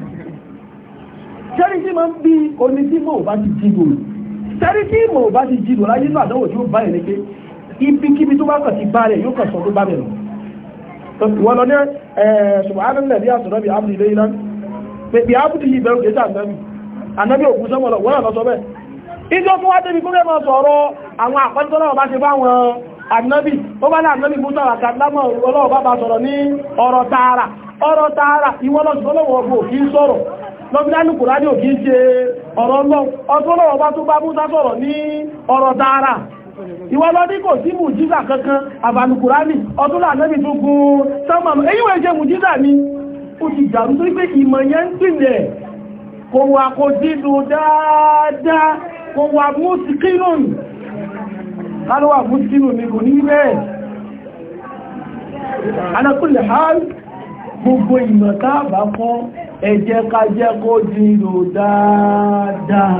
sẹ́rí tí máa ń bí oní tí mò bá ti jìbò sẹ́rí tí mò bá ti jìbò láyé inú àdánwò tí ó bá yẹn ni pé ibikíbi tó bá kàn ti bá rẹ̀ yóò kàn sọ tó bá bẹ̀rẹ̀ wọ́n lọ ní ṣùgbọ́n bí àtúrọ́ bí ábùdí ilé iná bí ábùdí yìí bẹ̀rù kéjà ànábì ànábì òkú sọ́mọ́ lọ wọ́n àná sọ bẹ́ẹ̀ ìjọ fún wá débi kúrẹ́ máa sọ̀rọ̀ àwọn sọ̀rọ̀ lọ́gbìnlẹ́nu kò rádi ṣe ọ̀rọ̀ ọdún lọ́wọ́ bá tó bá múta sọ̀rọ̀ ní ọ̀rọ̀ tààrà ìwọ lọ́dí kò sí mùjíza kankan àbànùkùránì ọdún lànẹ́bì tó gún sọ́mọ̀mù èyí wọ́n jẹ mùjíza ni ó ti dàrú tó pé ìmọ̀ yẹn kò wà kò dídò dáadáa kò wà mùsìkínùn kálọ́wà gbogbo ìmọ̀ táàbà ẹ jẹ́ ká jẹ́ kó dìrò dáadáa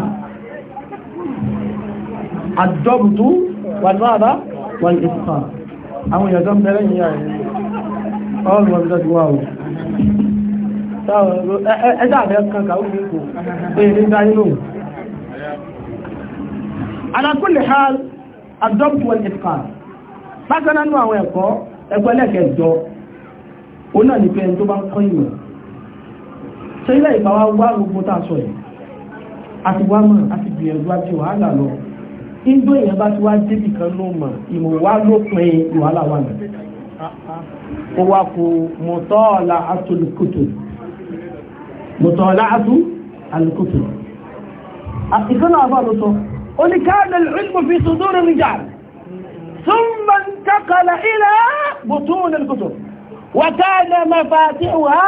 àdọ́bùtú wà náà wà ní ìfà àwọn ìyàjọ́ mẹ́rẹ́ yìí ààrẹ ọ̀rọ̀ ọ̀rọ̀ ìjọ́ wà ó hal àbẹ́ kankan ó fíkò pé ní dáyé lóhùn alákùnlé àwọn ẹ̀kọ́ ẹgbẹ́lẹ́kẹ̀ẹ́jọ ó náà ní pé ẹni tó bá ń kọ́ ìmọ̀ ṣe ilẹ̀ ìbáwá wá gbogbo tá a sọ yìí àti wá mọ̀ àti gbìyànjú àti wàhálà lọ ìgbó èèyàn bá ti wá débì kan ló mọ̀ ìmọ̀ wá ló pin wàhálà wà nà ó wá kó mọ̀tọ́ọ̀lá àtòlùkòtò mọ̀tọ́ọ̀lá àtòlùkòtò ìkànnà àbáwọ̀ sọ ó ní káàdì ìlú fi sùdúrù nìjà ثم انتقل إلى بطون الكتب وكان مفاتيحها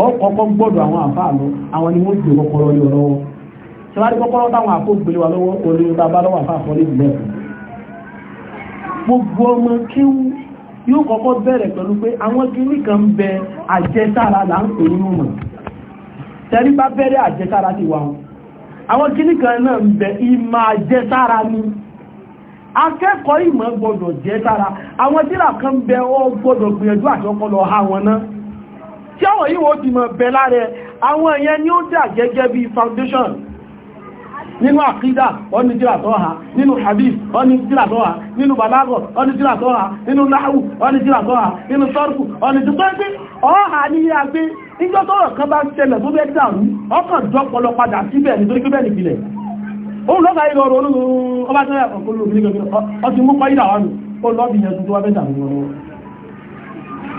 ọkọ̀ọ̀kọ́ gbọ́dọ̀ àwọn àfáà lọ àwọn ni wọ́n ti kọ́kọ́rọ́ lé lọ́wọ́ ṣèwádìí kọ́kọ́rọ́ táwọn àpò gbélé wa lọ́wọ́ olè bá lọ́wọ́ àfáà kọ́lé ìlú ẹ̀kọ́ gbogbo ọmọ kíwú yóò kọ́kọ́ bẹ̀rẹ̀ pẹ̀lú pé àwọn kan ń bẹ àjẹsára là ń pè nínú mọ̀ tẹ́rí bá bẹ̀rẹ̀ àjẹsára ti wà wọn ni akẹ́kọ̀ọ́ ìmọ̀ gbọ́dọ̀ àwọn tíra kan bẹ ọ gbọ́dọ̀ gbìyànjú àti ọpọlọ ha wọn tí àwọn yíò ti mọ̀ bẹ lára àwọn èèyàn ni ó dà gẹ́gẹ́ bí foundation nínú àkídà ọ́nì jíratọ́ha nínú hadith ọ́nì jíratọ́ha nínú balago ọ́nì jíratọ́ha nínú náhù ọ́nì jíratọ́ha nínú sọ́rùkù ọ́nì jíratọ́ha ọ́hà ní agbé ìjọ́tọ́rọ̀ kan bá ṣẹlẹ̀ tó bẹ́ dàrú ọkàn jọpọlọ padà síbẹ̀ nítorí pé bẹ́ẹ̀ nìpìlẹ̀ ó lọ́gbà ilọ̀ ọ̀rọ̀ olóòrùn ọba tẹ́lẹ̀ ọ̀pọ̀lọ́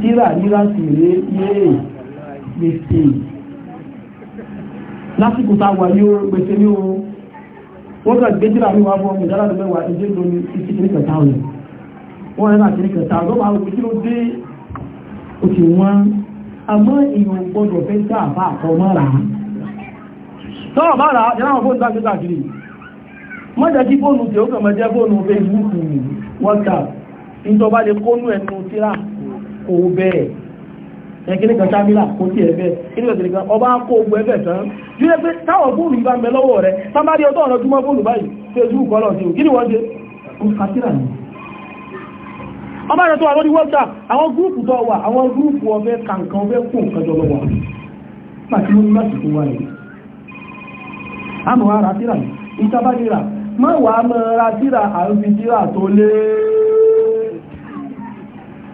tíra ríra sì ré yéè gbèsè lásìkò tá a yóò gbèsè ní o wọ́n kà gbé tíra mi wá fún ìdára lọ́wọ́ ìdí ìdó ní kẹta rẹ̀ wọ́n rẹ̀ náà kiri kẹta lọ́wọ́ àwọn òkú tí ó dé òkè wọn àmọ́ èèyàn gbọ́dọ̀ fẹ́ sá àbá àkọ́ mọ́ra tọ́wọ́ kí fóònù tí ó kàn mọ́ fóònù Facebook WhatsApp kó bẹ́ẹ̀ ẹ kí ní kan sábìlà kó sí ẹ bẹ́ẹ̀ kí ní kan kìnìkan ọba kó ogun ẹgbẹ́ tán bí ẹ pé táwọn fóònù yìí bá ń bẹ lọ́wọ́ rẹ sábàdí ọtọ́ ọ̀nà túmọ̀ fóònù báyìí facebook ọlọ́ sí kí ni wọ́n ṣe ó kásírà ọba rẹ tó wà lórí whatsapp àwọn gúrùpù tó wà àwọn gúrùpù ọbẹ̀ kankan ọbẹ̀ kó nǹkan jọ lọ́wọ́ pàtí mo ní láti fún wa yìí àmọ́ ara síra yìí ìtabájira má wàá mọ ara síra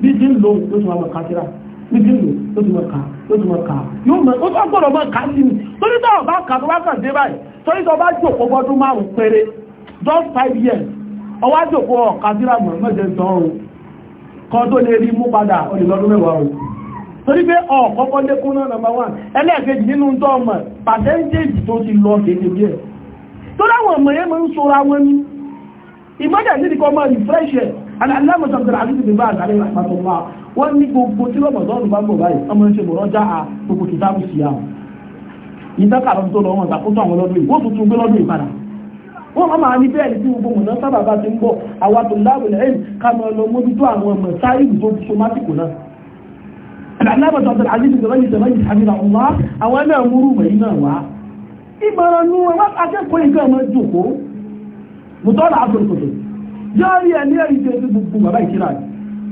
bí ti ń lò ó ló ti máa mọ̀ ká síra bí ti ń lò ó ti máa kà ó ti máa kà yóò mọ̀ ó tún gbọ́dọ̀ máa kà sí mi torí tó ọba kà tó bá kàn dé báyìí torí tó bá jò kó bọ́dún márùn péré just five years ọwá jò kó ọ̀ka síra mọ̀ mẹ́jẹ o tó lè rí mú padà o torí pé lékún náà wà nínú tó ọmọ tó ti lọ kéde tó láwọn ọmọ yẹn ń wọn ní aláàmọ̀ tó tẹ̀lé àdúgbò bá àgbàlẹ̀ ìràpàtọ̀lá wọ́n ní gbogbo tí lọ́mọ̀dọ́nù bá bọ̀ báyìí ọmọ ṣe mọ̀rọ̀ já a gbogbo kìtàbù sí yà ìdákàrọ̀ tó lọ wọn tàkótó àwọn lọ́dún yìí wọ́n tún tún gbé lọ́dún ìpadà wọ́n máa máa ní bẹ́ẹ̀ tí gbogbo mọ̀nà sábà bá ti ń bọ̀ àwa tó láàbù lẹ́yìn ká máa lọ mójútó àwọn ọmọ sáyìlì tó so másìkò náà aláàmọ̀ tó tẹ̀lé àdúgbò bá yìí tẹ̀lé yìí àmì àwọn àwọn náà múrù mẹ́yìn náà wá ìmọ̀ràn nu wọn akẹ́kọ̀ọ́ ìgbà ọmọ jòkó mùtọ́lá àtòkòtò jẹ́rí ẹ̀ ní ẹ̀rí tẹ́ gbogbo bàbá ìkírà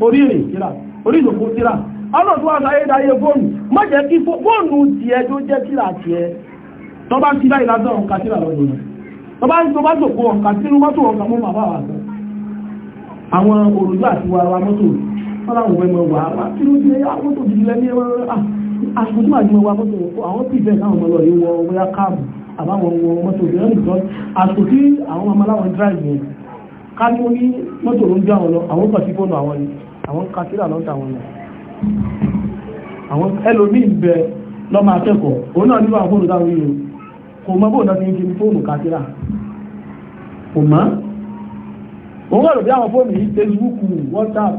orí èrè ìkírà orí ìjòkó tíra ọlọ́ tó wà sáyé dáyé fóònù má jẹ́ kí fóònù ti ẹ tó jẹ́ tíra ti ẹ tó bá ti láì lásán ọ̀nkà tíra lọ́dún rẹ̀ tó bá tó bá tòkó ọ̀nkà tínú mọ́tò ọ̀nkà mọ́ bàbá wà sọ àwọn òrùlú àti wà wa mọ́tò ká ní orí mọ́tò ló ń gbé àwọn lọ àwọn kan sí fóònù àwọn ni àwọn ka sílà lọ́dọ̀ àwọn yẹn àwọn ẹlòmíì bẹ lọ́mọ akẹ́kọ̀ọ́ òun náà nílò àwọn fóònù yìí o kò mọ bóun náà ti ń fi fóònù ka sílà kò mọ́ òun rẹ̀ lò fóònù yìí Facebook WhatsApp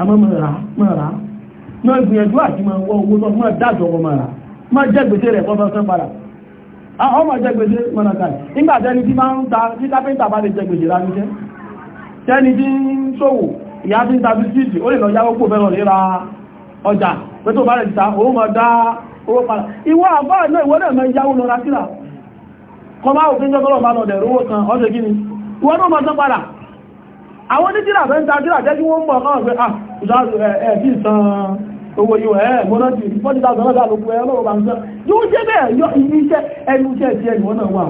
àmọ́ mọ̀ ra mọ̀ ra náà gbìyànjú àti máa wọ owó lọ́wọ́ máa dájọ́ ọmọ mọ̀ rà máa jẹ́ gbèsè rẹ̀ fọ́fọ́ sán padà ọmọ jẹ́ gbèsè kan nígbà tẹni tí máa ń ta tí kápẹ́ntà bá lè gbèsè rà níṣẹ́ tẹni tí ń ṣòwò ìyá tí ń ta bisikíìtì ó lè lọ àwọn onídìrà fẹ́ ń ta dìrà jẹ́ kí wọ́n mọ̀ náà pé ah ìdáàdù ẹ̀ kí san owó yíò ẹ̀ mọ́nà tí fọ́dí tàbí ọlọ́dà ló pẹ́ ọlọ́wọ́ bá ń sọ yóò jẹ́ bẹ́ẹ̀ yọ iṣẹ́ ẹnu iṣẹ́ ti ẹnu ọ̀nà wà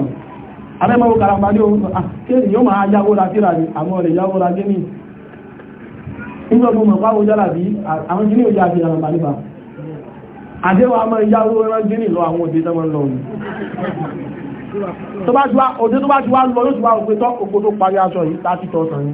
abẹ́mọ́wó karamba ní ohun ah, kéèrè yóò máa yáwó la dìrà ní àmọ́ rẹ̀ yáwó la gé ní inú ọdún mọ̀ pàwọ́ jára bí àwọn jíní òjá àti ìyàrá bàlíbà àdéwà a máa yáwó rán jíní lọ àwọn òde tó máa ń lọ ní tó bá ti wá òde tó bá ti wá lọ yóò ti wá òpétọ́ òpótó parí aṣọ yìí 30,000 ní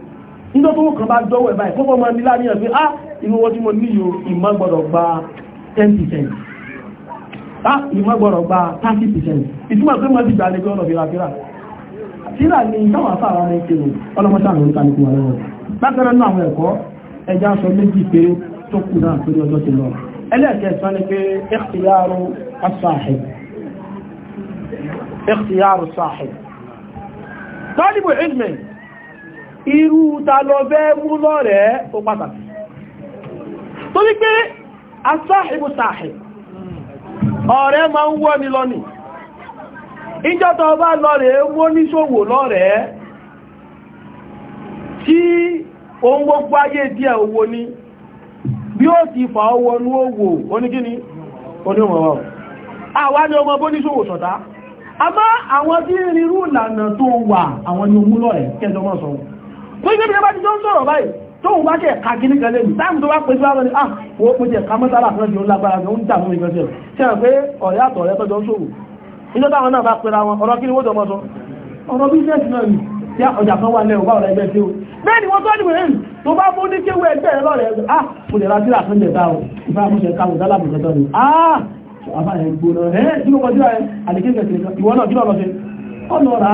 nígbà tó kàn bá dọ́wọ́ ẹ̀ báyìí kókó máa ní láàrin ẹ̀fẹ́ ah inú wọn tí mo ní yóò ìmọ̀ gbọ́dọ̀ gba 10% ah ìmọ̀ gbọ́dọ̀ gba 30% ìtumọ̀ pé wọ́n ti gbà lẹ́gbẹ́ ọ̀nà fìlàfìlà síra ni táwọn afá àwọn ọmọ ìkèrò ọlọ́mọṣà àwọn oníkàlùkù wọn lọ́wọ́ lápẹ́rẹ́ náà àwọn ẹ̀kọ́ ẹja sọ méjì pé tó kù náà torí ọjọ́ ti irú ta lọ bẹ́ ó pàtàkì tó asáhìbù ọ̀rẹ́ ma ń wọ́ ni lọ ìjọta ọba lọ́rẹ̀ wó lọ rẹ̀ tí ohun gbogbo ayé díẹ̀ owó ní bí ó ti fà ọwọ́ ní owó oníkíní onímọ̀wọ́ ni ọmọ bó níṣòwò sọ̀tá tó ìgbé ìjọba ti jọ ń sọ̀rọ̀ báyìí tó wù bá kẹ́ ẹ̀ka gíní kan lẹ́nu táàmù tó bá pè sí wàá lọ́ni ah owó pèsè ẹ̀ka mọ́sálà fún ẹ̀jọ̀ lágbára ni ó ń dààmú ìgbẹ́ sẹ́rọ̀ ṣe rẹ̀ pé ọ̀rẹ́ àtọ̀ ọ̀rẹ́ tọ́jọ́ ń ṣòwò ìjọ táwọn náà bá pera wọn ọ̀rọ̀ kí ni wọ́n jọ mọ́ sọ ọ̀rọ̀ bísíẹ̀sì náà ni tí ọjà kan wà lẹ́wọ̀ bá ọ̀rẹ́ ẹgbẹ́ sí o bẹ́ẹ̀ ni wọ́n tọ́ ní wẹ̀rẹ́ tó bá fún ní kéwé ẹgbẹ́ rẹ lọ́rẹ̀ ẹgbẹ́ ah mo lè ra sílà fún ilẹ̀ dá o ìfẹ́ àmúṣe káwọn dálà bùkẹ́ tọ́ ni ah àbá ẹ̀ gbóná ẹ̀ kí ló kọjú ẹ̀ àdékẹ́kẹ́ ìwọ náà kí lọ́ọ́ lọ́ọ́ ṣe ọ̀nà ọ̀rá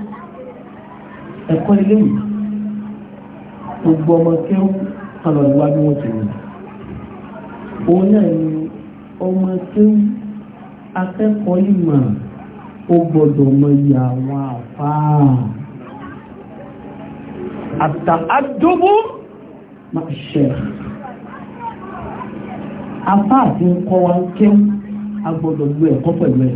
ẹ̀kọ́ ilé yìí gbogbo ọmọ kéwú kọlọ̀ ìwà bí wọ́n ti rìn òun náà ni ọmọ kéwú akẹ́kọ̀ọ́ ìmọ̀ ó gbọ́dọ̀ mọ iye àwọn àfáà àtàádógó máa ṣe àfáà tí ń kọ́ wa kéwú a gbọ́dọ̀ lo ẹ̀kọ́ pẹ̀lú ẹ̀.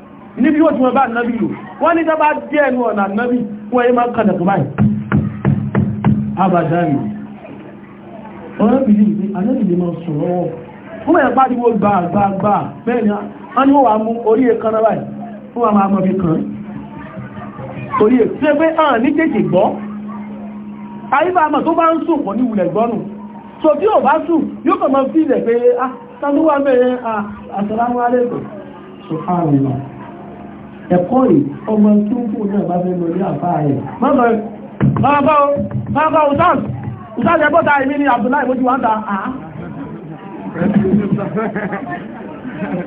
níbi wọ́n tí wọ́n bá nábì lò wọ́n ní dábá díẹ̀ ẹnu ọ̀nà nábì wọ́n yẹ máa ń kàdà tó báyìí abàdáyì ọ̀rẹ́ bìí ní anábì lè máa sọ̀rọ̀ wọ́n wọ́n yẹ pariwo gbà gbà gbà bẹ́ẹ̀ ni wọ́n ní wọ́n wà mú orí ẹ̀kan náà báyìí wọ́n wà máa mọ̀ fi orí ẹ̀ so tí ò bá sùn yóò kàn máa ah ta ló wà ah àtàláwọ̀ alẹ́ kò ẹ̀kọ́ rẹ̀ ọmọ tí ó fún náà bá fẹ́ lọ ní àfáà rẹ̀ mọ́bọ̀ ọ̀sán ọ̀sán ẹgbọ́ta èmi ni Abdullahi mojú wá ń ta àá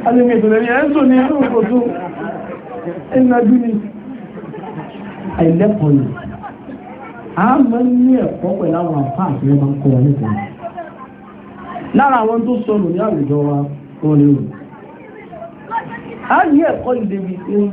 alìmẹ̀tò lẹ́yìn ẹ̀ńsò ní inú ìkòtò ẹ̀nàjú ni àìlẹ́kọ̀ọ́ ni a mọ́ ní ẹ̀kọ́ pẹ̀lú àwọn àfáà tí wọ́n máa ń kọ́ wọn nípa lára àwọn tó sọnù ní àwùjọ wa wọ́n lérò a ní ẹ̀kọ́ ìdèbí tí ó ń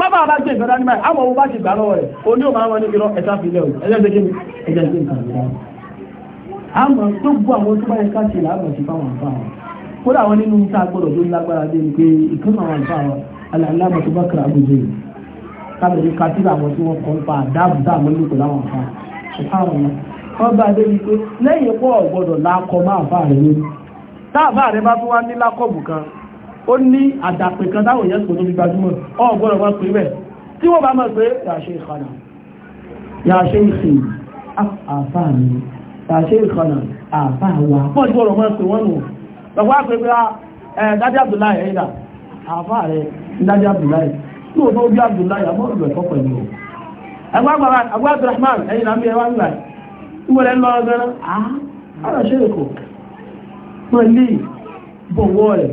bábá bá jẹ́ ìgbàdá nígbà àmọ́ owó bá ti gbà lọ́wọ́ rẹ̀ o ní o máa wọn níbi lọ ẹ̀ta fi lẹ́wọ̀ ẹ̀jẹ̀ kí ni ẹ̀jẹ̀ kí ni àmọ́ tó gbọ́ àwọn tó bá yẹ ká ṣe làárọ̀ sí fáwọn àǹfà wọn kódà àwọn nínú tá a gbọ́dọ̀ tó lágbára dé ni pé ìkan àwọn àǹfà wọn aláàlámọ̀ tó bá kàrà àgbèjì rẹ̀ kábẹ̀rẹ̀ ká sí àwọn tí wọ́n kọ́ ń pa àdáàbò tá àwọn olùkọ́ láwọn àǹfà ṣùgbọ́n wọn bá dé ni pé lẹ́yìn pọ̀ gbọ́dọ̀ lákọ máa fà rẹ̀ lórí tá àfà rẹ̀ bá tún wá ní ó ní àdàpè kan táwọn èèyàn kò tó fi gbajúmọ̀ ọ̀ gbọ́dọ̀ wọn pè bẹ́ẹ̀ tí wọ́n bá mọ̀ pé yàṣẹ ìkànnà yàṣẹ ìsìn àfà mi yàṣẹ ìkànnà àfà wa pọ̀ tí wọ́n mọ̀ pé wọ́n nù lọ́wọ́ àpè pé ah, dájú Abdullahi ẹ̀yìnà àfà rẹ̀ dájú Abdullahi tí wọ́n tó bí Abdullahi àmọ́ ìlú ẹ̀kọ́ pẹ̀lú ẹgbẹ́ Abdulrahman ẹ̀yìnà mi ẹ̀wà ńlá ìwọ̀lẹ̀ lọ ọgbẹ́rán àá àrà ṣe èkó pẹ̀lú bọ̀wọ́ rẹ̀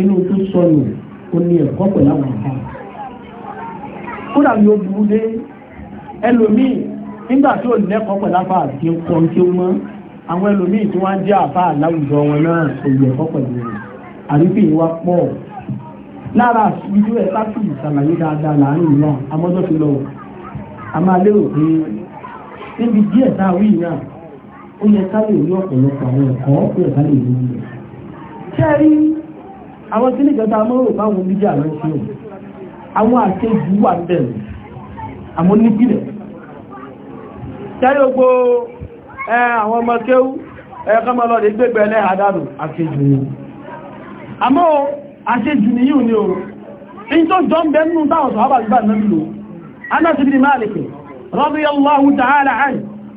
inú tó sọ ó ní ẹ̀kọ́ pẹ̀lú àwọn àbá kódà yóò burú dé ẹlòmíì nígbà tí ò lẹ́kọ̀ọ́ pẹ̀lú àbá àti ẹ̀kọ́ tí ó mọ́ àwọn ẹlòmíì tí wọ́n jẹ́ àbá wọn náà kò ẹ̀kọ́ pẹ̀lú rẹ̀ àrífẹ́ ìwà pọ̀ lára ìlú ẹ̀ ìsàlàyé dáadáa láàrin ìlú ti lọ a máa lérò pé níbi díẹ̀ náà ó yẹ ó àwọn tí ní ìjọta mọ́ òun báwọn bíjà lọ àwọn àkéjì wà tẹ̀lẹ̀ àwọn onípìlẹ̀ tẹ́lẹ̀ gbogbo àwọn ọmọ kéwú ẹ̀kọ́ mọ́ àdánù àkéjì ni àmọ́ àkéjì ni yíò ní o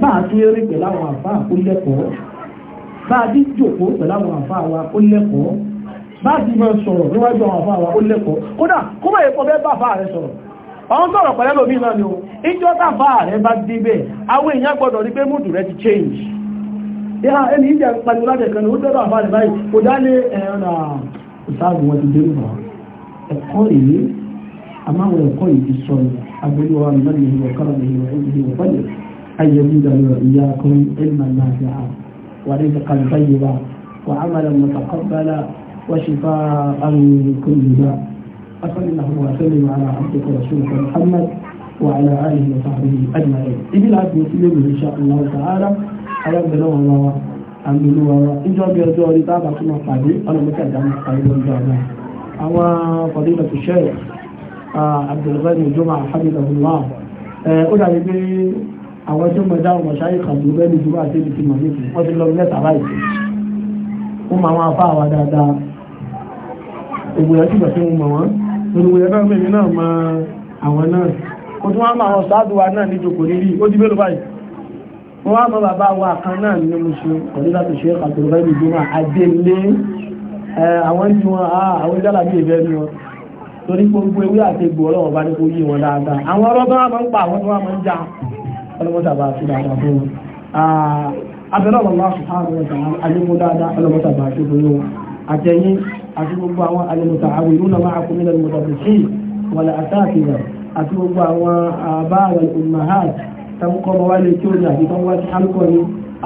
bá a ti rí pẹ̀lú àwọn a ti jòkó pẹ̀lú àwọn àfa wa kó lẹ́kọ̀ọ́ a ti sọ̀rọ̀ níwájú àwọn lẹ́kọ̀ọ́ kódà kó bẹ́ẹ̀ bá rẹ sọ̀rọ̀ sọ̀rọ̀ náà ni o ìjọ tàfà rẹ bá débẹ̀ àwọn èèyàn gbọ́dọ̀ pé múdù rẹ ti change ìhà ẹni ó àfà rẹ báyìí kò dálé ìsáàgùn wọn ti dé ẹ̀kọ́ rèé sọ kọ́lọ̀ أن يزيدنا وإياكم علما نافعا ورزقا طيبا وعملا متقبلا وشفاء من كل داء أصل اللهم وسلم على عبدك ورسولك محمد وعلى آله وصحبه أجمعين إبن عبد مسلم إن شاء الله تعالى على بلوغ الله àmìlú ọ̀rọ̀ ìjọ bí ọjọ́ orí tábà tó máa pàdé ọlọ́mọdé àdámọ́ pàdé lọ́jọ́ ọ̀la àwọn fọ̀dílà tó ṣẹ̀rẹ̀ Abdulghani Juma alhamdulillah ó àwọn tó mọ̀dá ọmọ ṣáyé kan tó bẹ́ẹ̀ ní ìdúró àti ibi tí mọ̀ ní ti lọ mẹ́ta láì sí máa máa fá àwa dáadáa ògbò tí mo mọ̀ wọ́n gbogbo yẹn náà mẹ́rin náà mọ àwọn náà mo tún wá máa wọn sáàdù wa náà níjòkó níbí ó di mélòó báyìí mo wá mọ bàbá wa kan náà ní mo ṣe ọ̀dọ́ láti ṣe kàtó bẹ́ẹ̀ ní ìdúró àdélé àwọn tí wọn àwọn jálàbí ìfẹ́ ni wọn torí gbogbo ewé àti egbò ọlọ́wọ́ bá ní kó yí wọn dáadáa àwọn ọlọ́gbọ́n wa máa ń pa àwọn tó wá máa ń já ọlọ́mọ́ta bá fi dáadáa fún wọn abẹ́rẹ́ ọ̀rọ̀ máa sùhánù ẹ̀ta alẹ́mú dáadáa ọlọ́mọ́ta bá fi fún wọn àtẹ̀yìn àti gbogbo àwọn alẹ́mọ́ta àwọn ìlú náà máa kúmílẹ̀ mọ́ta fi sí wàlẹ̀ àtàkìlẹ̀ àti gbogbo àwọn àbáàrẹ̀ ìmọ̀hàt tẹ́mùkọ́ mọ́ wálé tí ó ní àti tán wájú hálùkọ́ ni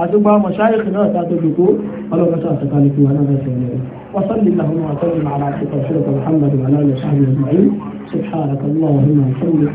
àti gbogbo àwọn mọ̀ṣáyìkì náà tàbí gbogbo ọlọ́mọ́ta àtàkàlẹ̀ fi wọn náà fẹ́ وصل اللهم وسلم على عبدك محمد وعلى اله وصحبه اجمعين سبحانك اللهم وبحمدك